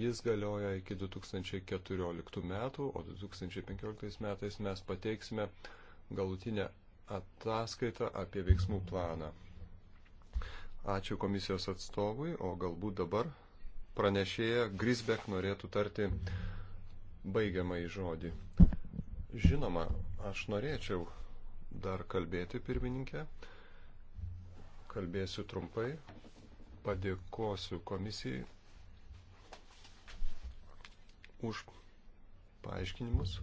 jis galioja iki 2014 metų, o 2015 metais mes pateiksime galutinę ataskaitą apie veiksmų planą. Ačiū komisijos atstovui, o galbūt dabar pranešėja Grisbek norėtų tarti baigiamą į žodį. Žinoma, aš norėčiau dar kalbėti, pirmininkė. Kalbėsiu trumpai. Padėkosiu komisijai už paaiškinimus.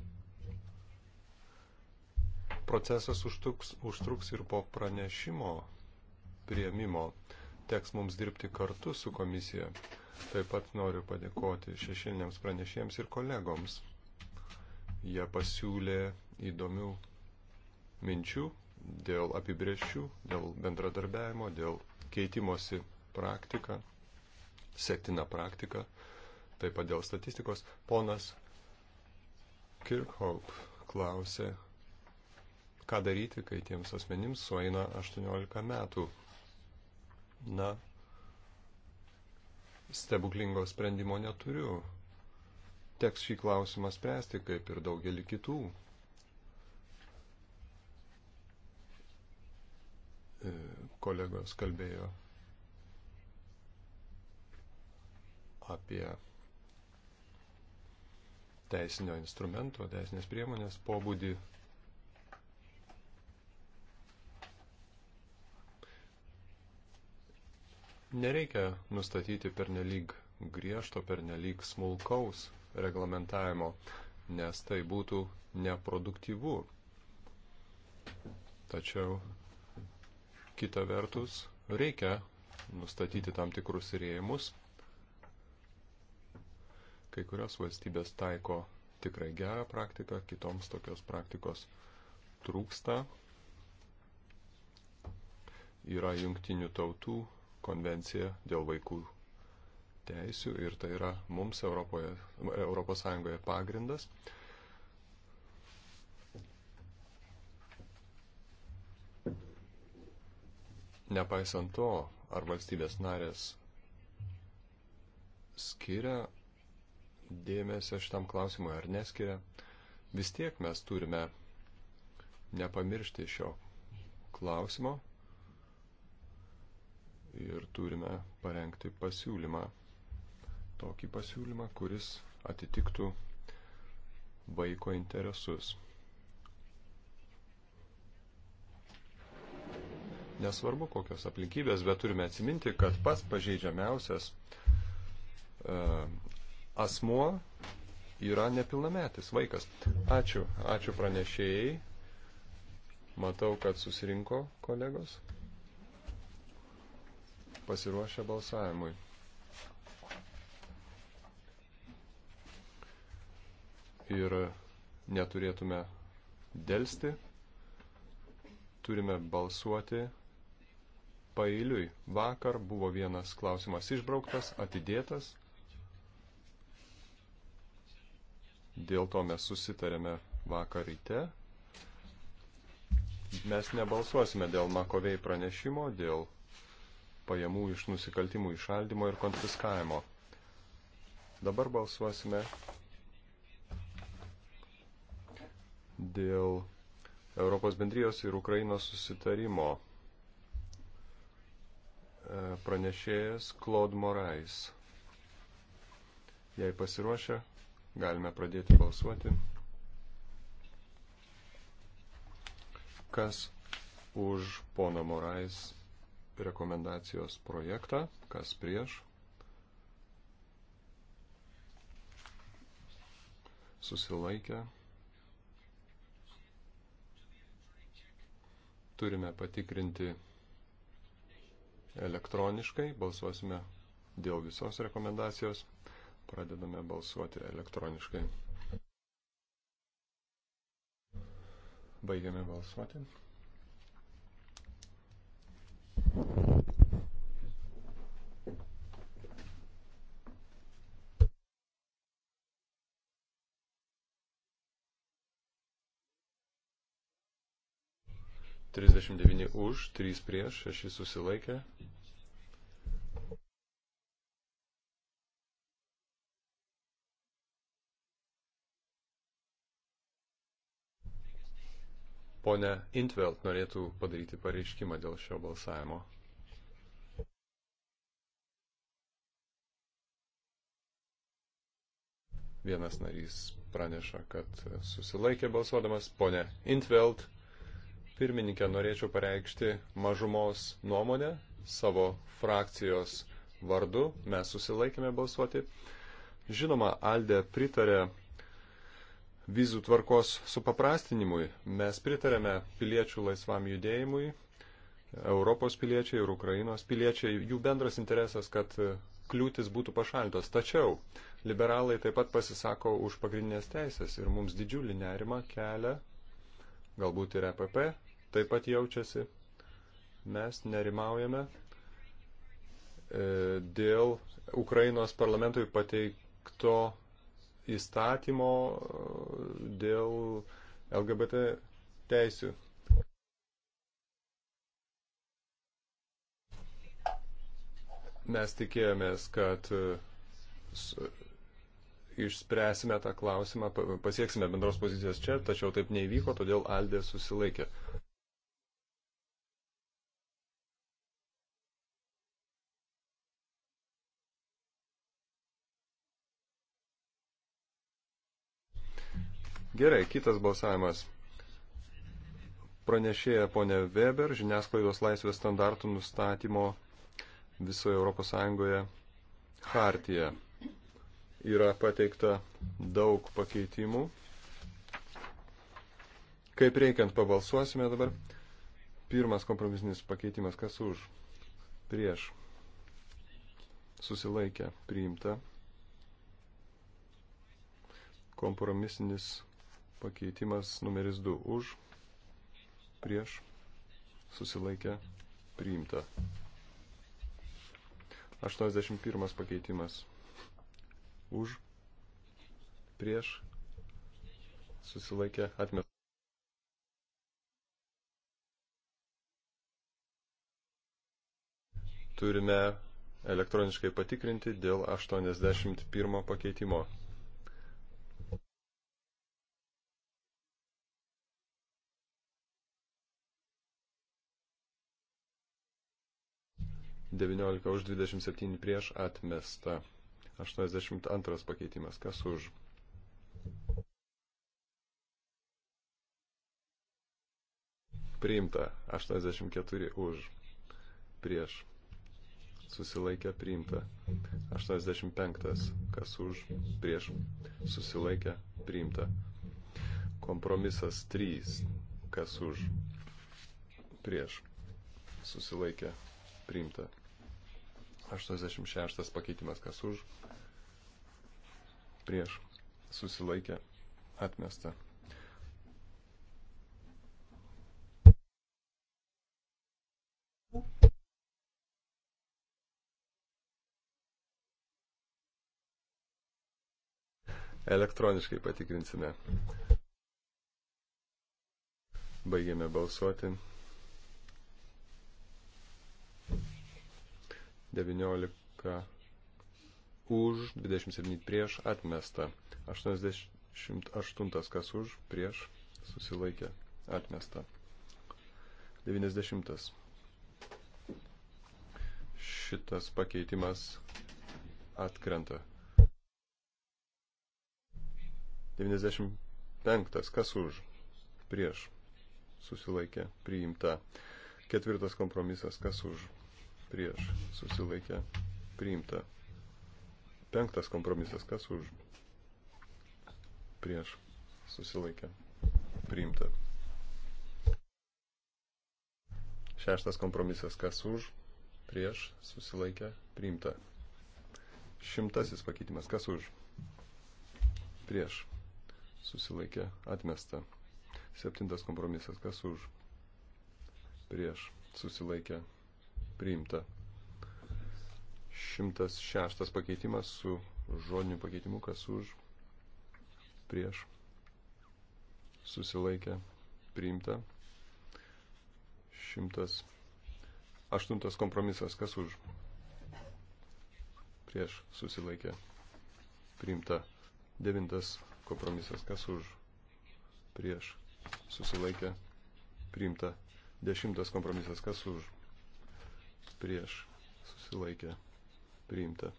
Procesas užtruks, užtruks ir po pranešimo prieimimo. Teks mums dirbti kartu su komisija. Taip pat noriu padėkoti šešiliniams pranešėjams ir kolegoms. Jie pasiūlė įdomių minčių dėl apibrėžčių, dėl bendradarbiavimo, dėl keitimosi praktiką, sektina praktika, taip pat dėl statistikos. Ponas Kirkhope klausė, ką daryti, kai tiems asmenims sueina 18 metų. Na, stebuklingo sprendimo neturiu. Teks šį klausimą spręsti, kaip ir daugelį kitų. E, kolegos kalbėjo apie teisinio instrumento, teisinės priemonės pobūdį Nereikia nustatyti pernelyg griežto, pernelyg smulkaus reglamentavimo, nes tai būtų neproduktyvu. Tačiau kita vertus reikia nustatyti tam tikrus rėmus. Kai kurios valstybės taiko tikrai gerą praktiką, kitoms tokios praktikos trūksta. Yra jungtinių tautų konvenciją dėl vaikų teisių ir tai yra mums Europoje, Europos Sąjungoje pagrindas. Nepaisant to, ar valstybės narės skiria dėmesio šitam klausimui ar neskiria, vis tiek mes turime nepamiršti šio klausimo ir turime parengti pasiūlymą. Tokį pasiūlymą, kuris atitiktų vaiko interesus. Nesvarbu, kokios aplinkybės, bet turime atsiminti, kad pas pažeidžiamiausias uh, asmuo yra nepilnametis vaikas. Ačiū, ačiū pranešėjai. Matau, kad susirinko kolegos pasiruošę balsavimui. Ir neturėtume dėlsti, turime balsuoti pailiui. Vakar buvo vienas klausimas išbrauktas, atidėtas. Dėl to mes susitarėme vakar ryte. Mes nebalsuosime dėl Makovei pranešimo, dėl pajamų iš nusikaltimų išaldymo ir konfiskavimo. Dabar balsuosime dėl Europos bendrijos ir Ukrainos susitarimo e, pranešėjas Claude Morais. Jei pasiruošę, galime pradėti balsuoti. Kas už pono Morais rekomendacijos projektą, kas prieš. Susilaikę. Turime patikrinti elektroniškai, balsuosime dėl visos rekomendacijos, pradedame balsuoti elektroniškai. Baigiame balsuoti. 39 už, 3 prieš, 6 susilaikė, Pone Intvelt norėtų padaryti pareiškimą dėl šio balsavimo. Vienas narys praneša, kad susilaikė balsuodamas. Pone Intvelt, pirmininkė, norėčiau pareikšti mažumos nuomonę savo frakcijos vardu. Mes susilaikėme balsuoti. Žinoma, Alde pritarė vizų tvarkos supaprastinimui. Mes pritarėme piliečių laisvam judėjimui, Europos piliečiai ir Ukrainos piliečiai, jų bendras interesas, kad kliūtis būtų pašalintos. Tačiau liberalai taip pat pasisako už pagrindinės teisės ir mums didžiulį nerimą kelia, galbūt ir EPP taip pat jaučiasi. Mes nerimaujame e, dėl Ukrainos parlamentui pateikto įstatymo e, dėl LGBT teisių. Mes tikėjomės, kad e, išspręsime tą klausimą, pasieksime bendros pozicijos čia, tačiau taip neįvyko, todėl Aldė susilaikė. Gerai, kitas balsavimas. Pranešėja ponė Weber, žiniasklaidos laisvės standartų nustatymo visoje Europos Sąjungoje hartija. Yra pateikta daug pakeitimų. Kaip reikiant pabalsuosime dabar. Pirmas kompromisinis pakeitimas, kas už, prieš, susilaikę, priimta. Kompromisinis Pakeitimas numeris 2 už, prieš, susilaikę, priimta. 81 pakeitimas už, prieš, susilaikę, atmeta. Turime elektroniškai patikrinti dėl 81 pakeitimo. 19 už 27 prieš atmesta. 82 pakeitimas. Kas už? Priimta. 84 už. Prieš. Susilaikė priimta. 85. Kas už? Prieš. Susilaikė priimta. Kompromisas 3. Kas už? Prieš. Susilaikė priimta. 86 pakeitimas kas už, prieš, susilaikė, atmesta. Elektroniškai patikrinsime. Baigėme balsuoti. 19 už, 27 prieš, atmesta. 88 kas už, prieš, susilaikė, atmesta. 90. Šitas pakeitimas atkrenta. 95. Kas už? Prieš. Susilaikė. Priimta. Ketvirtas kompromisas. Kas už? prieš susilaikę priimta. Penktas kompromisas, kas už prieš susilaikę priimta. Šeštas kompromisas, kas už prieš susilaikę priimta. Šimtasis pakeitimas, kas už prieš susilaikė atmesta. Septintas kompromisas, kas už prieš susilaikė atmesta priimta. 106 pakeitimas su žodiniu pakeitimu, kas už, prieš, susilaikę, priimta. 108 kompromisas, kas už, prieš, susilaikę, priimta. 9 kompromisas, kas už, prieš, susilaikę, priimta. 10 kompromisas, kas už, prieš susilaikė priimta.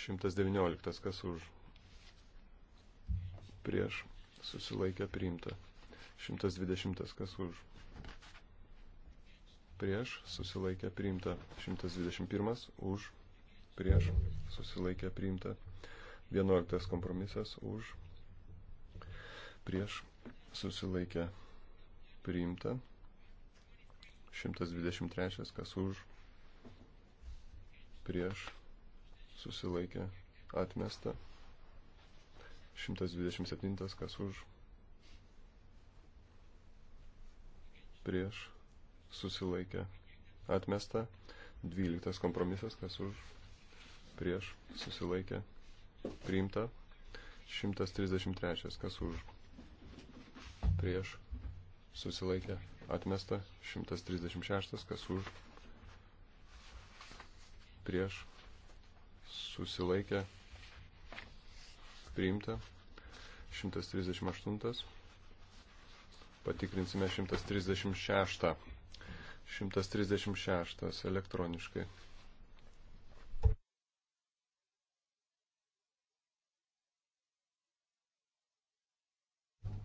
119 kas už prieš susilaikė priimta. 120 kas už prieš susilaikė priimta. 121 už prieš susilaikė priimta. 11 kompromisas už prieš susilaikė priimta. 123 kas už, prieš, susilaikė, atmesta. 127 kas už, prieš, susilaikė, atmesta. 12 kompromisas kas už, prieš, susilaikė, priimta. 133 kas už, prieš, susilaikė, atmesta 136, kas už, prieš, susilaikė, priimta 138, patikrinsime 136, 136 elektroniškai.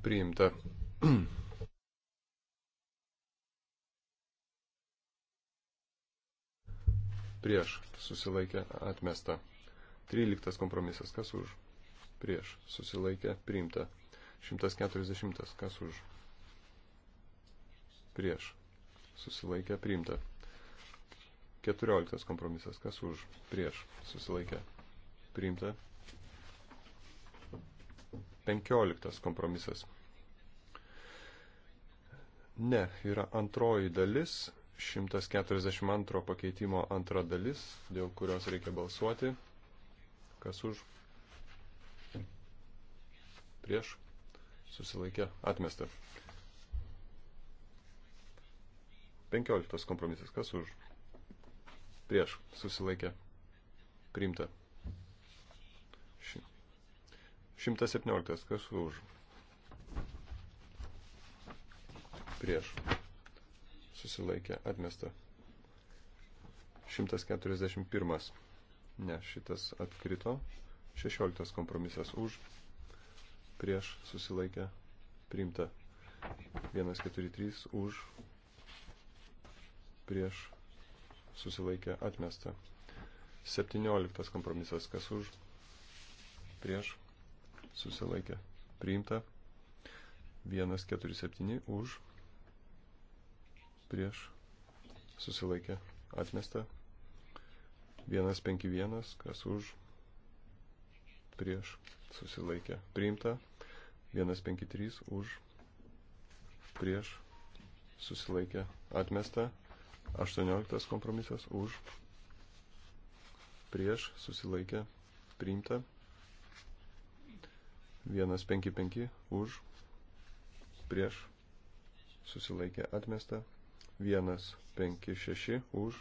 Priimta. prieš susilaikė atmesta. 13 kompromisas, kas už, prieš susilaikė priimta. 140, kas už, prieš susilaikė priimta. 14 kompromisas, kas už, prieš susilaikė priimta. 15 kompromisas. Ne, yra antroji dalis 142 pakeitimo antra dalis, dėl kurios reikia balsuoti. Kas už? Prieš? Susilaikė? Atmesta. 15 kompromisas. Kas už? Prieš? Susilaikė? Priimta. 117. Kas už? Prieš? susilaikė atmesta. 141. Ne, šitas atkrito. 16 kompromisas už, prieš susilaikė priimta. 143 už, prieš susilaikė atmesta. 17 kompromisas kas už, prieš susilaikė priimta. 147 už, prieš susilaikė atmesta. 151, kas už prieš susilaikė priimta. 153 už prieš susilaikė atmesta. 18 kompromisas už prieš susilaikė priimta. 155 už prieš susilaikė atmesta. 156 už,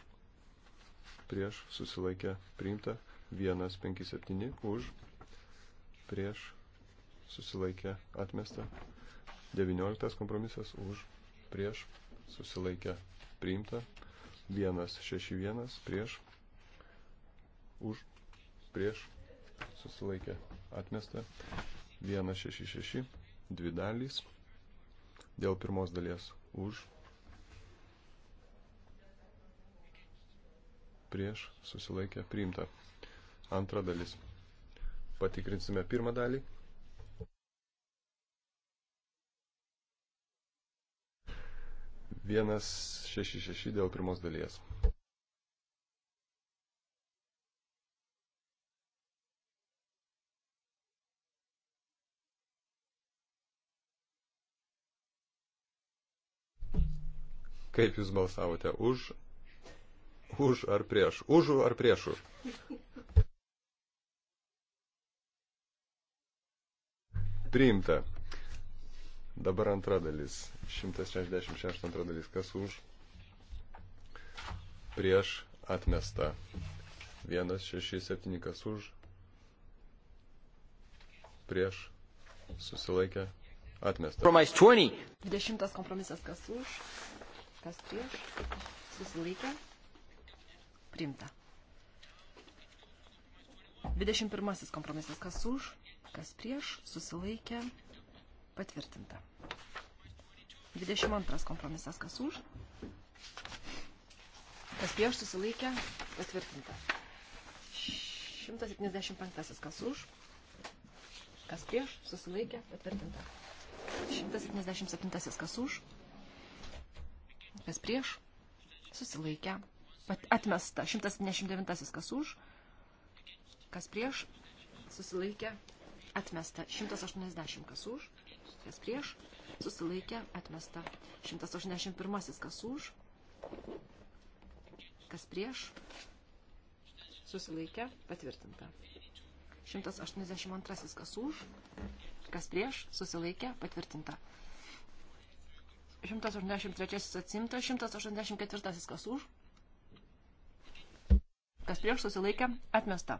prieš susilaikę priimta, 157 už, prieš susilaikę atmesta, 19 kompromisas už, prieš susilaikę priimta, 161 prieš, už, prieš susilaikę atmesta, 166 dvi dalys, dėl pirmos dalies už, prieš susilaikė priimta. Antra dalis. Patikrinsime pirmą dalį. Vienas šeši šeši dėl pirmos dalies. Kaip jūs balsavote už už ar prieš, už ar priešų. Priimta. Dabar antra dalis. 166 antra dalis. Kas už? Prieš atmesta. 167 kas už? Prieš susilaikę atmesta. 20 kompromisas kas už? Kas prieš? Susilaikę Primta. 21 kompromisas. Kas už, kas prieš, susilaikė, patvirtinta. 22 kompromisas. Kas už, kas prieš, susilaikė, patvirtinta. 175 kas už, kas prieš, susilaikė, patvirtinta. 177 kas už, kas prieš, susilaikė, patvirtinta atmesta. 179 kas už, kas prieš, susilaikė, atmesta. 180 kas už, kas prieš, susilaikė, atmesta. 181 kas už, kas prieš, susilaikė, patvirtinta. 182 kas už, kas prieš, susilaikė, patvirtinta. 183 atsimta, 184 kas už, kas prieš susilaikė, atmesta.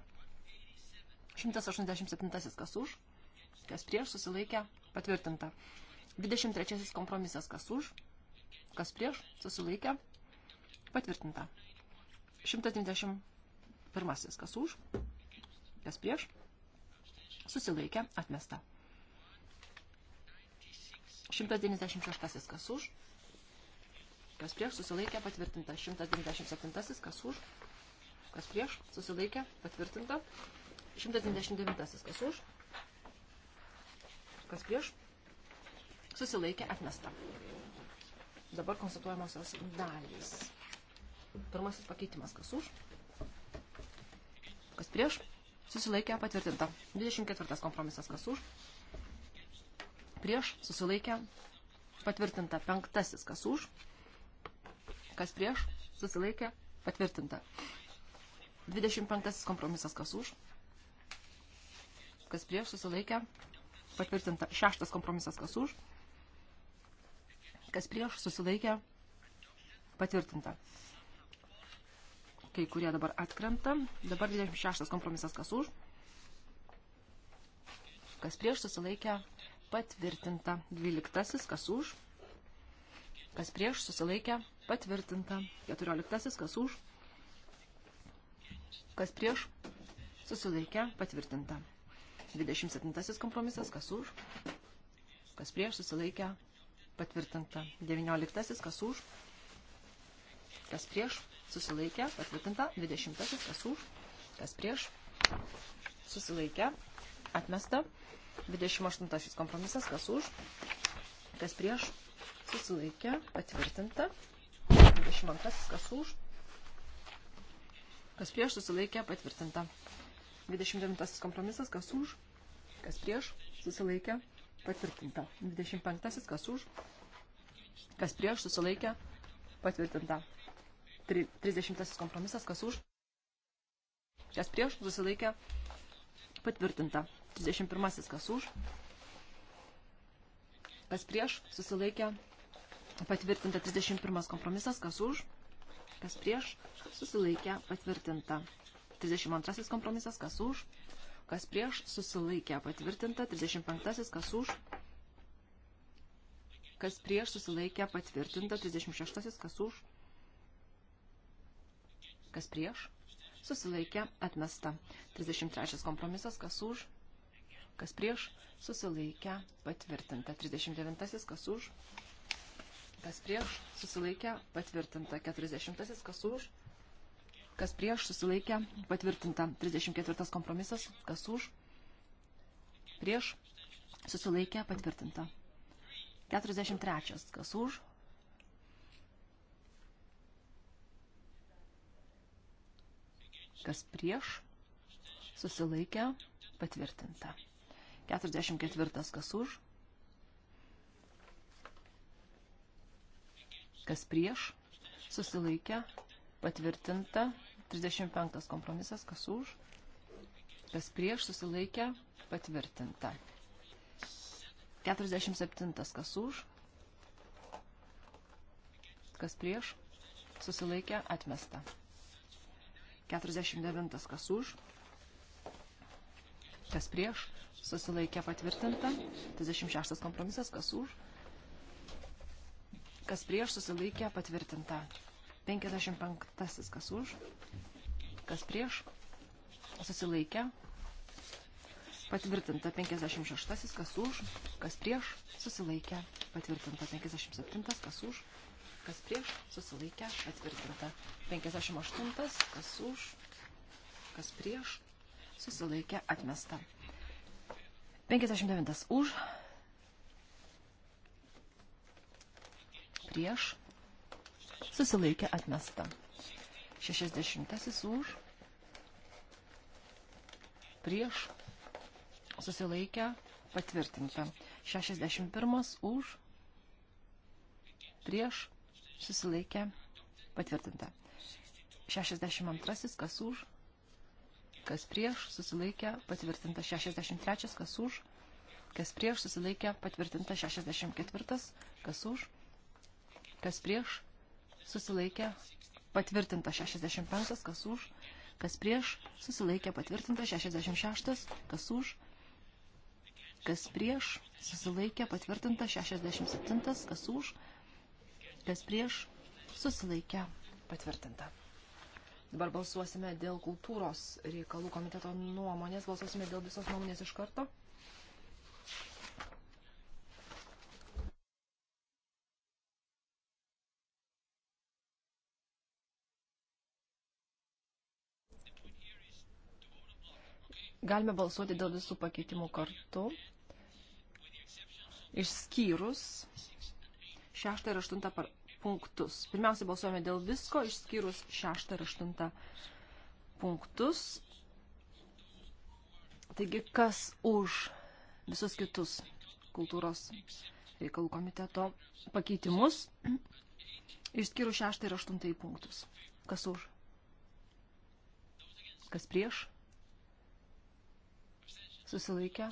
187 kas už, kas prieš susilaikė, patvirtinta. 23 kompromisas kas už, kas prieš susilaikė, patvirtinta. 191 kas už, kas prieš susilaikė, atmesta. 196 kas už, kas prieš susilaikė, patvirtinta. 197 kas už, kas prieš, susilaikė, patvirtinta. 129 kas už, kas prieš, susilaikė, atmesta. Dabar konstatuojamosios dalys. Pirmasis pakeitimas kas už, kas prieš, susilaikė, patvirtinta. 24 kompromisas kas už, prieš, susilaikė, patvirtinta. Penktasis kas už, kas prieš, susilaikė, patvirtinta. 25 kompromisas kas už, kas prieš susilaikę, patvirtinta. 6 kompromisas kas už, kas prieš susilaikę, patvirtinta. Kai kurie dabar atkrenta. Dabar 26 kompromisas kas už, kas prieš susilaikę, patvirtinta. 12 kas už, kas prieš susilaikę, patvirtinta. 14 kas už, patvirtinta Kas prieš? Susilaikė patvirtinta. 27 kompromisas. Kas už? Kas prieš? Susilaikė patvirtinta. 19 kas už? Kas prieš? Susilaikė patvirtinta. 20 kas už? Kas prieš? Susilaikė atmesta. 28 kompromisas. Kas už? Kas prieš? Susilaikė patvirtinta. 22 kas už? Kas prieš susilaikė patvirtinta. 29 kompromisas, kas už, kas prieš susilaikė patvirtinta. 25 kas už, kas prieš susilaikė patvirtinta. 30 kompromisas, kas už, kas prieš susilaikė patvirtinta. 31 kas už, kas prieš susilaikė patvirtinta. 31 kompromisas, kas už, kas prieš, susilaikę, patvirtinta. 32 kompromisas, kas už, kas prieš, susilaikę, patvirtinta. 35 kas už, kas prieš, susilaikę, patvirtinta. 36 kas už, kas prieš, susilaikę, atmesta. 33 kompromisas, kas už, kas prieš, susilaikę, patvirtinta. 39 kas už, kas prieš, susilaikė, patvirtinta. 40. Kas už, kas prieš, susilaikė, patvirtinta. 34. Kompromisas, kas už, prieš, susilaikė, patvirtinta. 43. Kas už, kas prieš, susilaikė, patvirtinta. 44. Kas už, kas prieš, susilaikė, patvirtinta, 35 kompromisas, kas už, kas prieš, susilaikė, patvirtinta. 47 kas už, kas prieš, susilaikė, atmesta. 49 kas už, kas prieš, susilaikė, patvirtinta. 36 kompromisas, kas už, kas prieš susilaikė patvirtinta. 55 kas už, kas prieš susilaikė patvirtinta. 56 kas už, kas prieš susilaikė patvirtinta. 57 kas už, kas prieš susilaikė patvirtinta. 58 kas už, kas prieš susilaikė atmesta. 59 už, prieš, susilaikė atmesta. 60 už, prieš, susilaikė patvirtinta. 61 už, prieš, susilaikė patvirtinta. 62 kas už, kas prieš, susilaikė patvirtinta. 63 kas už, kas prieš susilaikė patvirtinta 64, kas už, kas prieš, susilaikė, patvirtinta 65, kas už, kas prieš, susilaikė, patvirtinta 66, kas už, kas prieš, susilaikė, patvirtinta 67, kas už, kas prieš, susilaikė, patvirtinta. Dabar balsuosime dėl kultūros reikalų komiteto nuomonės, balsuosime dėl visos nuomonės iš karto. Galime balsuoti dėl visų pakeitimų kartu, išskyrus šeštą ir aštuntą punktus. Pirmiausia, balsuojame dėl visko, išskyrus šeštą ir aštuntą punktus. Taigi, kas už visus kitus kultūros reikalų komiteto pakeitimus, išskyrus šeštą ir aštuntą punktus. Kas už? Kas prieš? susilaikę,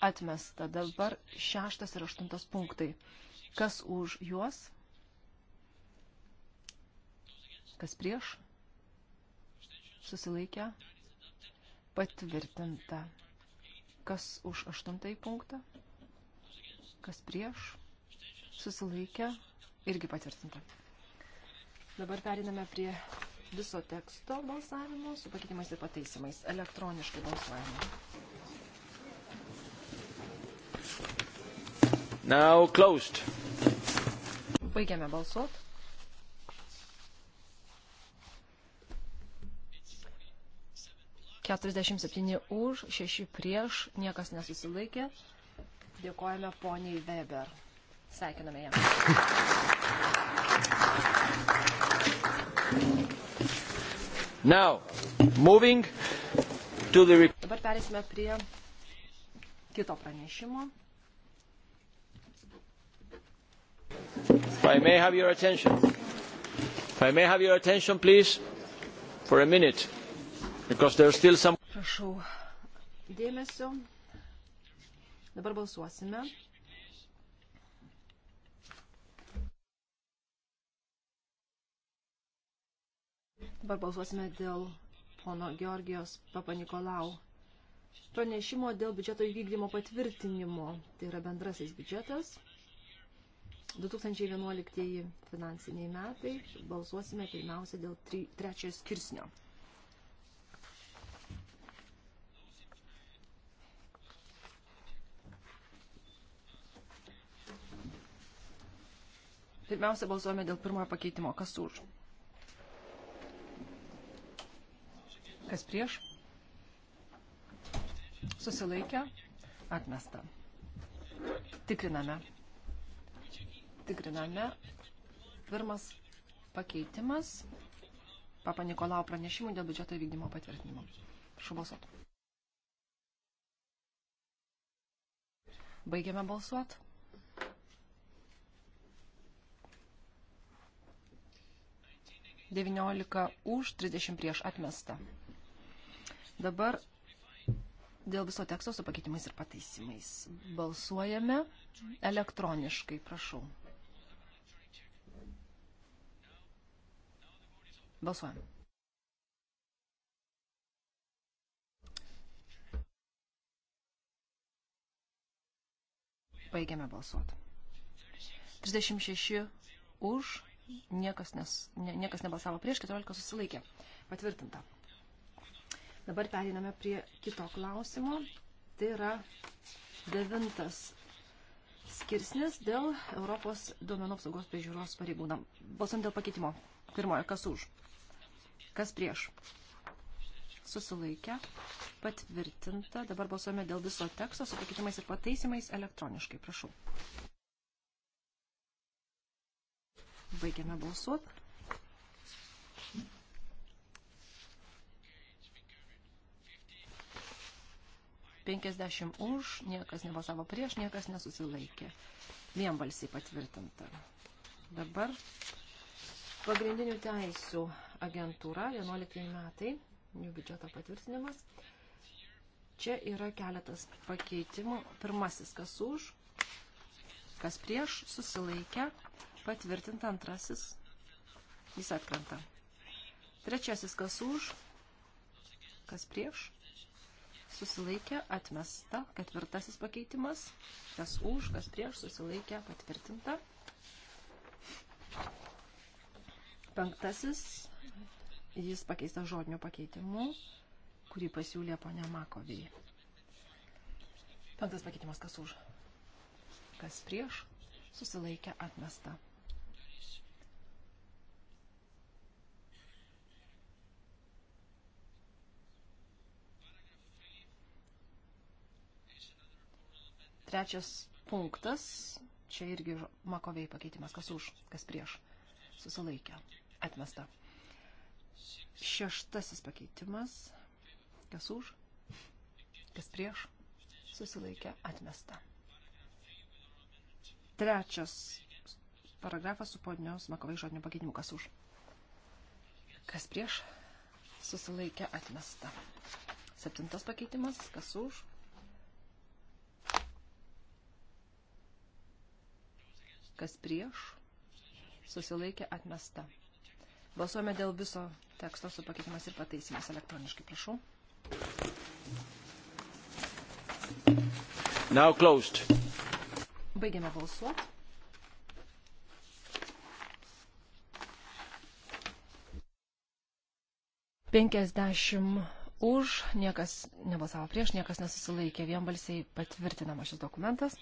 atmesta. Dabar šeštas ir aštuntas punktai. Kas už juos? Kas prieš? Susilaikę, patvirtinta. Kas už aštuntąjį punktą? Kas prieš? Susilaikę, irgi patvirtinta. Dabar periname prie viso teksto balsavimo su pakeitimais ir pataisimais. Elektroniškai balsavimo. Now closed. Baigiame balsuot. Keturiasdešimt septyni už, šeši prieš, niekas nesusilaikė. Dėkojame poniai Weber. Sveikiname ją. Now, moving to the... Dabar perėsime prie kito pranešimo. If I may have your attention. If I may have your attention, please, for a minute, because there's still some. Prašau dėmesio. Dabar balsuosime. Dabar balsuosime dėl pono Georgijos Papanikolau pranešimo dėl biudžeto įvykdymo patvirtinimo. Tai yra bendrasis biudžetas. 2011 finansiniai metai balsuosime pirmiausia dėl tri, trečiojo skirsnio. Pirmiausia, balsuojame dėl pirmojo pakeitimo. Kas už? Kas prieš? Susilaikę? Atmesta. Tikriname tikriname. Pirmas pakeitimas. Papa Nikolau pranešimų dėl biudžeto įvykdymo patvirtinimo. Prašau balsuot. Baigiame balsuot. Devyniolika už, 30 prieš atmesta. Dabar dėl viso teksto su pakeitimais ir pataisimais. Balsuojame elektroniškai, prašau. Balsuojam. Baigiame balsuoti. 36 už, niekas, nes, ne, niekas nebalsavo prieš, 14 susilaikė. Patvirtinta. Dabar pereiname prie kito klausimo. Tai yra devintas skirsnis dėl Europos duomenų apsaugos priežiūros pareigūnam. Balsuom dėl pakeitimo. Pirmoji, kas už? Kas prieš? Susilaikę. Patvirtinta. Dabar balsuojame dėl viso teksto su pakeitimais ir pataisimais elektroniškai. Prašau. Baigiame balsuoti. Penkiasdešimt už, niekas nebalsavo prieš, niekas nesusilaikė. Vienbalsiai patvirtinta. Dabar pagrindinių teisų agentūra, 11 metai, jų biudžeto patvirtinimas. Čia yra keletas pakeitimų. Pirmasis, kas už, kas prieš, susilaikę, patvirtinta antrasis, jis atkrenta. Trečiasis, kas už, kas prieš, susilaikė, atmesta, ketvirtasis pakeitimas, kas už, kas prieš, susilaikė, patvirtinta. Penktasis, Jis pakeista žodiniu pakeitimu, kurį pasiūlė ponia Makovėj. Penktas pakeitimas kas už, kas prieš, susilaikė atmesta. Trečias punktas, čia irgi Makovėj pakeitimas, kas už, kas prieš, susilaikė, atmesta. Šeštasis pakeitimas. Kas už? Kas prieš? Susilaikė atmesta. Trečias paragrafas su podnios Makovai žodiniu pakeitimu. Kas už? Kas prieš? Susilaikė atmesta. Septintas pakeitimas. Kas už? Kas prieš? Susilaikė atmesta. Balsuojame dėl viso teksto su pakeitimas ir pataisymas elektroniškai, prašau. Now closed. Baigiame balsuoti. Penkiasdešimt už, niekas nebalsavo prieš, niekas nesusilaikė, vienbalsiai patvirtinama šis dokumentas.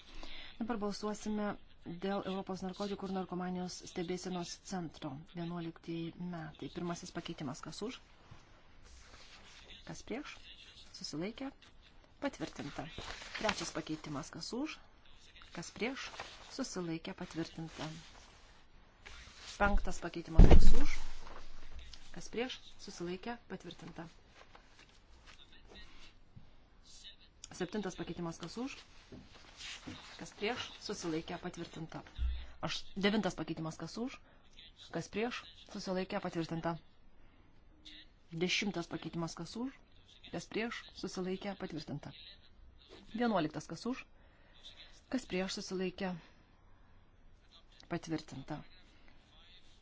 Dabar balsuosime dėl Europos narkotikų ir narkomanijos stebėsienos centro 11 metai. Pirmasis pakeitimas, kas už, kas prieš, susilaikė, patvirtinta. Trečias pakeitimas, kas už, kas prieš, susilaikė, patvirtinta. Penktas pakeitimas, kas už, kas prieš, susilaikė, patvirtinta. Septintas pakeitimas, kas už, kas prieš, susilaikė patvirtinta. Aš devintas pakeitimas kas už, kas prieš, susilaikė patvirtinta. Dešimtas pakeitimas kas už, kas prieš, susilaikė patvirtinta. Vienuoliktas kas už, kas prieš, susilaikė patvirtinta.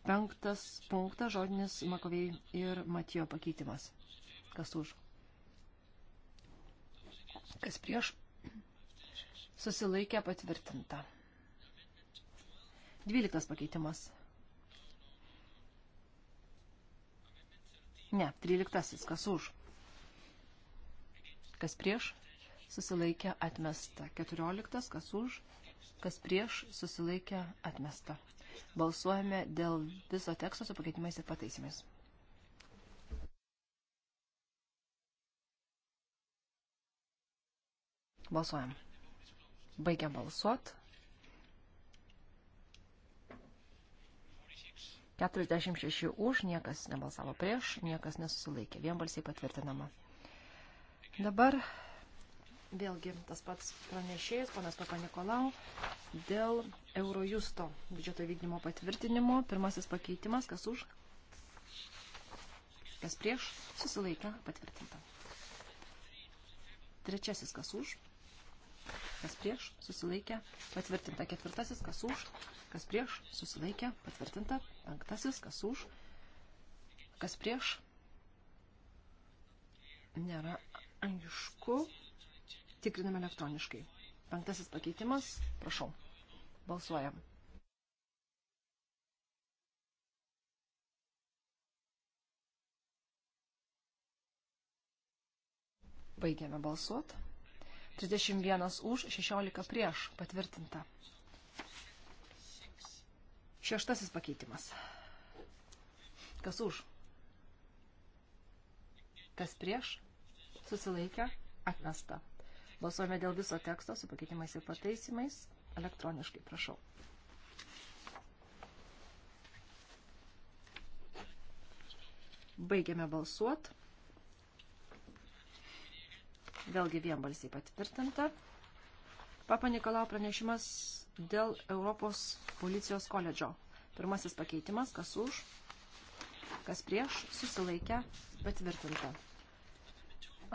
Penktas punktas žodinis Makovėjai ir Matijo pakeitimas. Kas už? Kas prieš? susilaikė patvirtinta. Dvyliktas pakeitimas. Ne, tryliktasis, kas už. Kas prieš, susilaikė atmesta. Keturioliktas, kas už, kas prieš, susilaikė atmesta. Balsuojame dėl viso teksto su pakeitimais ir pataisimais. Balsuojam. Baigia balsuot. 46 už, niekas nebalsavo prieš, niekas nesusilaikė. Vienbalsiai patvirtinama. Dabar vėlgi tas pats pranešėjas, panas Papa Nikolau, dėl Eurojusto biudžeto vykdymo patvirtinimo. Pirmasis pakeitimas, kas už, kas prieš, susilaikė patvirtinta. Trečiasis, kas už, kas prieš, susilaikė, patvirtinta. Ketvirtasis, kas už, kas prieš, susilaikė, patvirtinta. Penktasis, kas už, kas prieš, nėra aišku. Tikriname elektroniškai. Penktasis pakeitimas, prašau, balsuojam. Baigiame balsuoti. 31 už, 16 prieš patvirtinta. Šeštasis pakeitimas. Kas už? Kas prieš? Susilaikę? Atmesta. Balsuojame dėl viso teksto su pakeitimais ir pataisimais. Elektroniškai, prašau. Baigiame balsuoti. Vėlgi vienbalsiai patvirtinta. Papa Nikolau pranešimas dėl Europos policijos koledžo. Pirmasis pakeitimas, kas už, kas prieš, susilaikę, patvirtinta.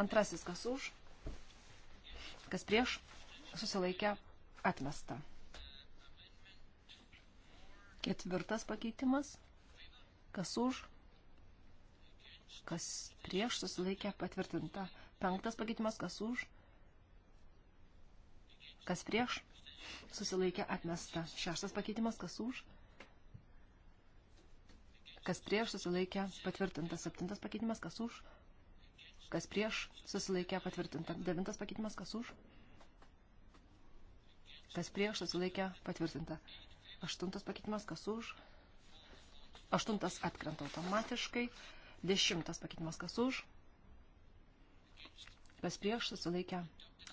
Antrasis, kas už, kas prieš, susilaikę, atmesta. Ketvirtas pakeitimas, kas už, kas prieš, susilaikę, patvirtinta. Penktas pakeitimas, kas už, kas prieš, susilaikė atmesta. Šeštas pakeitimas, kas už, kas prieš, susilaikė patvirtintas. Septintas pakeitimas, kas už, kas prieš, susilaikė patvirtinta. Devintas pakeitimas, kas už, kas prieš, susilaikė patvirtinta. Aštuntas pakeitimas, kas už, aštuntas atkrenta automatiškai. Dešimtas pakeitimas, kas už, Kas prieš susilaikė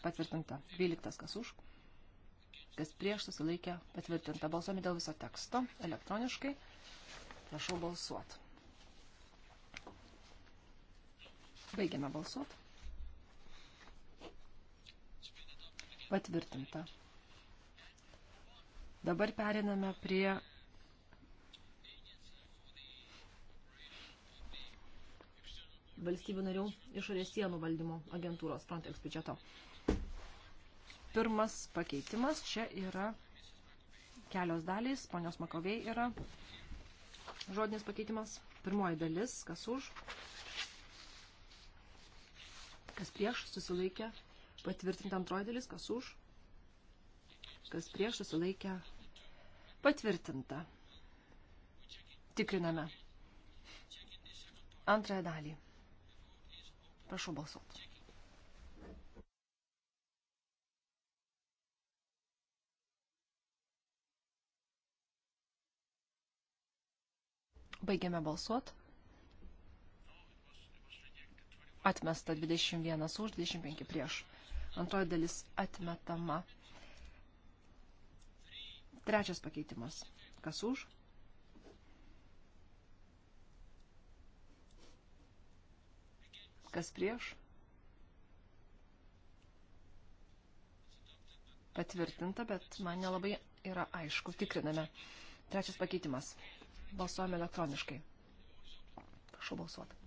patvirtinta. 12. Kas už. Kas prieš susilaikė patvirtinta. Balsuojame dėl viso teksto elektroniškai. Prašau balsuoti. Baigiame balsuoti. Patvirtinta. Dabar periname prie valstybių narių išorės sienų valdymo agentūros Frontex biudžeto. Pirmas pakeitimas čia yra kelios dalys, ponios Makovei yra žodinis pakeitimas. Pirmoji dalis, kas už, kas prieš, susilaikė, patvirtinta antroji dalis, kas už, kas prieš, susilaikė, patvirtinta. Tikriname antrąją dalį. Prašau balsuoti. Baigiame balsuoti. Atmesta 21 už, 25 prieš. Antroji dalis atmetama. Trečias pakeitimas. Kas už? Kas prieš? Patvirtinta, bet man nelabai yra aišku. Tikriname. Trečias pakeitimas. Balsuojame elektroniškai. Prašau balsuoti.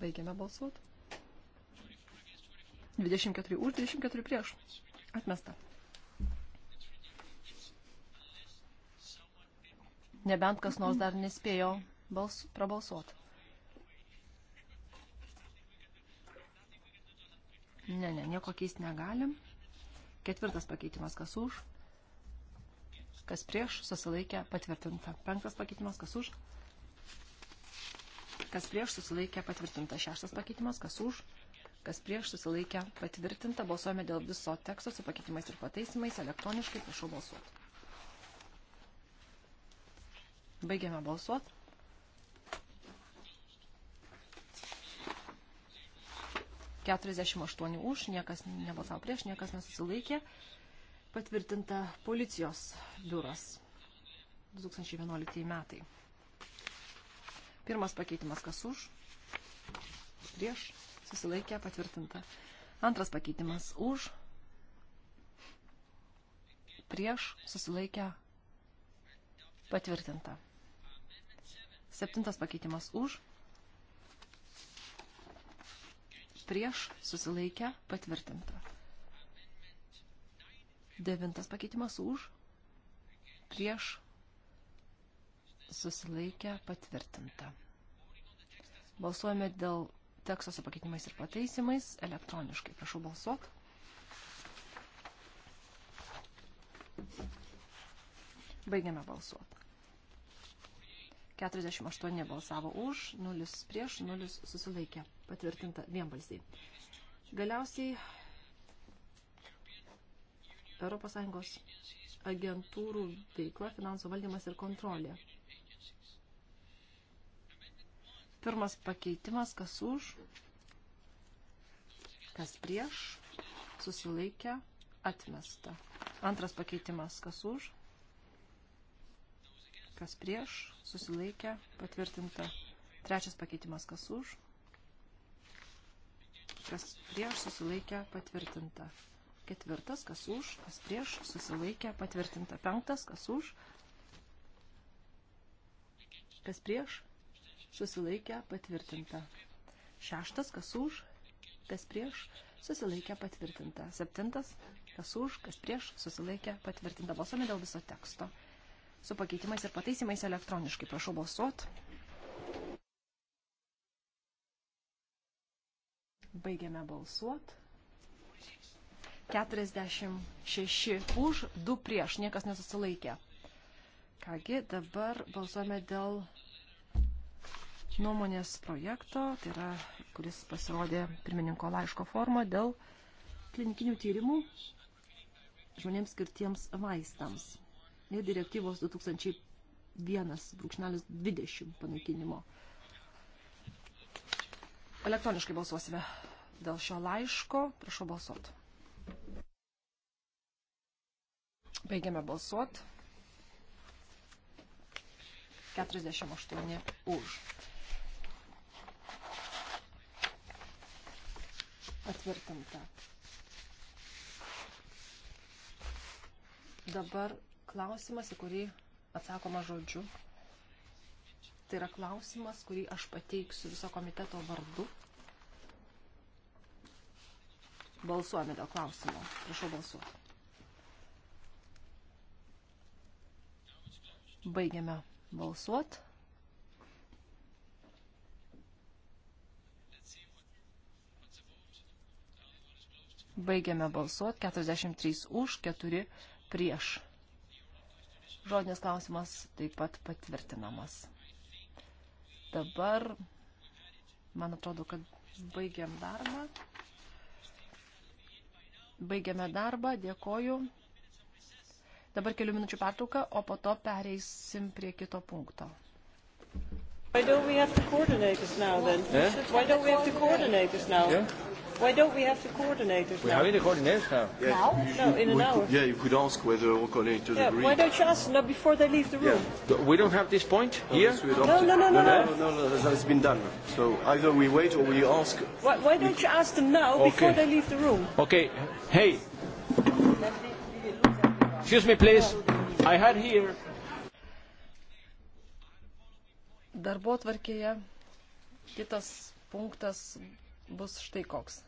Baigiame balsuoti. 24 už, 24 prieš. Atmesta. Nebent kas nors dar nespėjo bals, prabalsuoti. Ne, ne, nieko keisti negalim. Ketvirtas pakeitimas, kas už. Kas prieš, susilaikė, patvirtinta. Penktas pakeitimas, kas už. Kas prieš, susilaikė, patvirtinta. Šeštas pakeitimas, kas už. Kas prieš, susilaikė, patvirtinta. Balsuojame dėl viso teksto su pakeitimais ir pataisimais. Elektroniškai prašau balsuoti. Baigiame balsuoti. 48 už, niekas nebalsavo prieš, niekas nesusilaikė. Patvirtinta policijos biuras 2011 metai. Pirmas pakeitimas kas už, prieš, susilaikė, patvirtinta. Antras pakeitimas už, prieš, susilaikė, patvirtinta. Septintas pakeitimas už, prieš prieš, susilaikę, patvirtinta. Devintas pakeitimas už, prieš, susilaikę, patvirtinta. Balsuojame dėl teksto su pakeitimais ir pataisimais elektroniškai. Prašau balsuot. Baigiame balsuoti. 48 balsavo už, 0 prieš, 0 susilaikė. Patvirtinta vienbalsiai. Galiausiai ES agentūrų veikla, finansų valdymas ir kontrolė. Pirmas pakeitimas, kas už, kas prieš, susilaikė, atmesta. Antras pakeitimas, kas už, kas prieš, susilaikė, patvirtinta. Trečias pakeitimas, kas už, kas prieš, susilaikė, patvirtinta. Ketvirtas, kas už, kas prieš, susilaikė, patvirtinta. Penktas, kas už, kas prieš, susilaikė, patvirtinta. Šeštas, kas už, kas prieš, susilaikė, patvirtinta. Septintas, kas už, kas prieš, susilaikė, patvirtinta. Balsuome dėl viso teksto su pakeitimais ir pataisimais elektroniškai. Prašau balsuot. Baigiame balsuot. 46 už, 2 prieš, niekas nesusilaikė. Kągi, dabar balsuojame dėl nuomonės projekto, tai yra, kuris pasirodė pirmininko laiško forma dėl klinikinių tyrimų žmonėms skirtiems vaistams ir direktyvos 2001-20 panaikinimo. Elektroniškai balsuosime dėl šio laiško. Prašau balsuot. Baigiame balsuot. 48 už. Patvirtinta. Dabar klausimas, į kurį atsakoma žodžiu. Tai yra klausimas, kurį aš pateiksiu viso komiteto vardu. Balsuojame dėl klausimo. Prašau balsuoti. Baigiame balsuoti. Baigiame balsuoti 43 už, 4 prieš žodinės klausimas taip pat patvirtinamas. Dabar, man atrodo, kad baigiam darbą. Baigiame darbą, dėkoju. Dabar kelių minučių pertrauka, o po to pereisim prie kito punkto. Why don't we have to coordinate this now then? Yeah? Why don't we have to coordinate this now? Yeah? Why don't we have the coordinators we now? We have the coordinators now. Yeah, now? You, no, in an hour. Could, yeah, you could ask whether all coordinators yeah, agree. Why don't you ask them no, before they leave the room? Yeah. We don't have this point no, here? No, no, no, no, no, no, no, no, no, no. It's been done. So either we wait or we ask. Why, why don't we, you ask them now okay. before they leave the room? Okay. Hey. Excuse me, please. I had here. Darbo tvarkėje kitas punktas bus štai koks.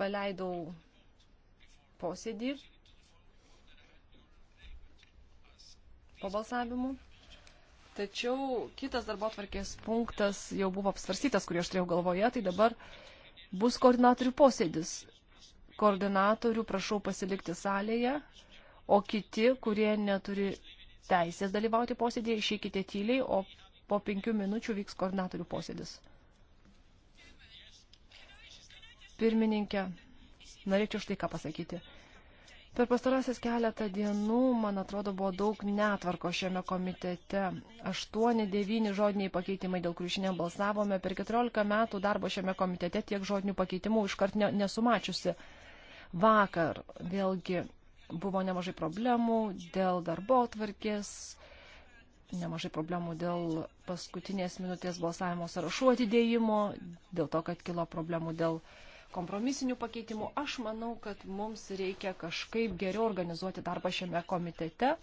paleidau posėdį po balsavimų. Tačiau kitas darbo atvarkės punktas jau buvo apsvarstytas, kurį aš turėjau galvoje, tai dabar bus koordinatorių posėdis. Koordinatorių prašau pasilikti salėje, o kiti, kurie neturi teisės dalyvauti posėdėje, išeikite tyliai, o po penkių minučių vyks koordinatorių posėdis. pirmininkė, norėčiau štai ką pasakyti. Per pastarąsias keletą dienų, man atrodo, buvo daug netvarko šiame komitete. Aštuoni, devyni žodiniai pakeitimai, dėl kurių šiandien balsavome. Per 14 metų darbo šiame komitete tiek žodinių pakeitimų iškart ne, nesumačiusi. Vakar vėlgi buvo nemažai problemų dėl darbo atvarkės, nemažai problemų dėl paskutinės minutės balsavimo sąrašų atidėjimo, dėl to, kad kilo problemų dėl... Uh, kompromisinių pakeitimų. Aš manau, kad mums reikia kažkaip geriau organizuoti darbą šiame komitete,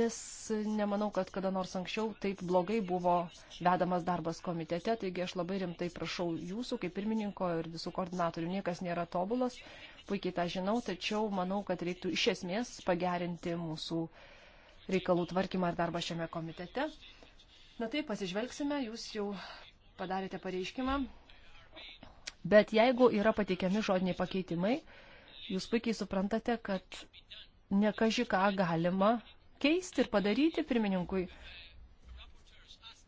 nes nemanau, kad kada nors anksčiau taip blogai buvo vedamas darbas komitete. Taigi aš labai rimtai prašau jūsų, kaip pirmininko ir visų koordinatorių, niekas nėra tobulas, puikiai tą žinau, tačiau manau, kad reiktų iš esmės pagerinti mūsų reikalų tvarkymą ir darbą šiame komitete. Na taip, pasižvelgsime, jūs jau padarėte pareiškimą Bet jeigu yra pateikiami žodiniai pakeitimai, jūs puikiai suprantate, kad nekaži ką galima keisti ir padaryti pirmininkui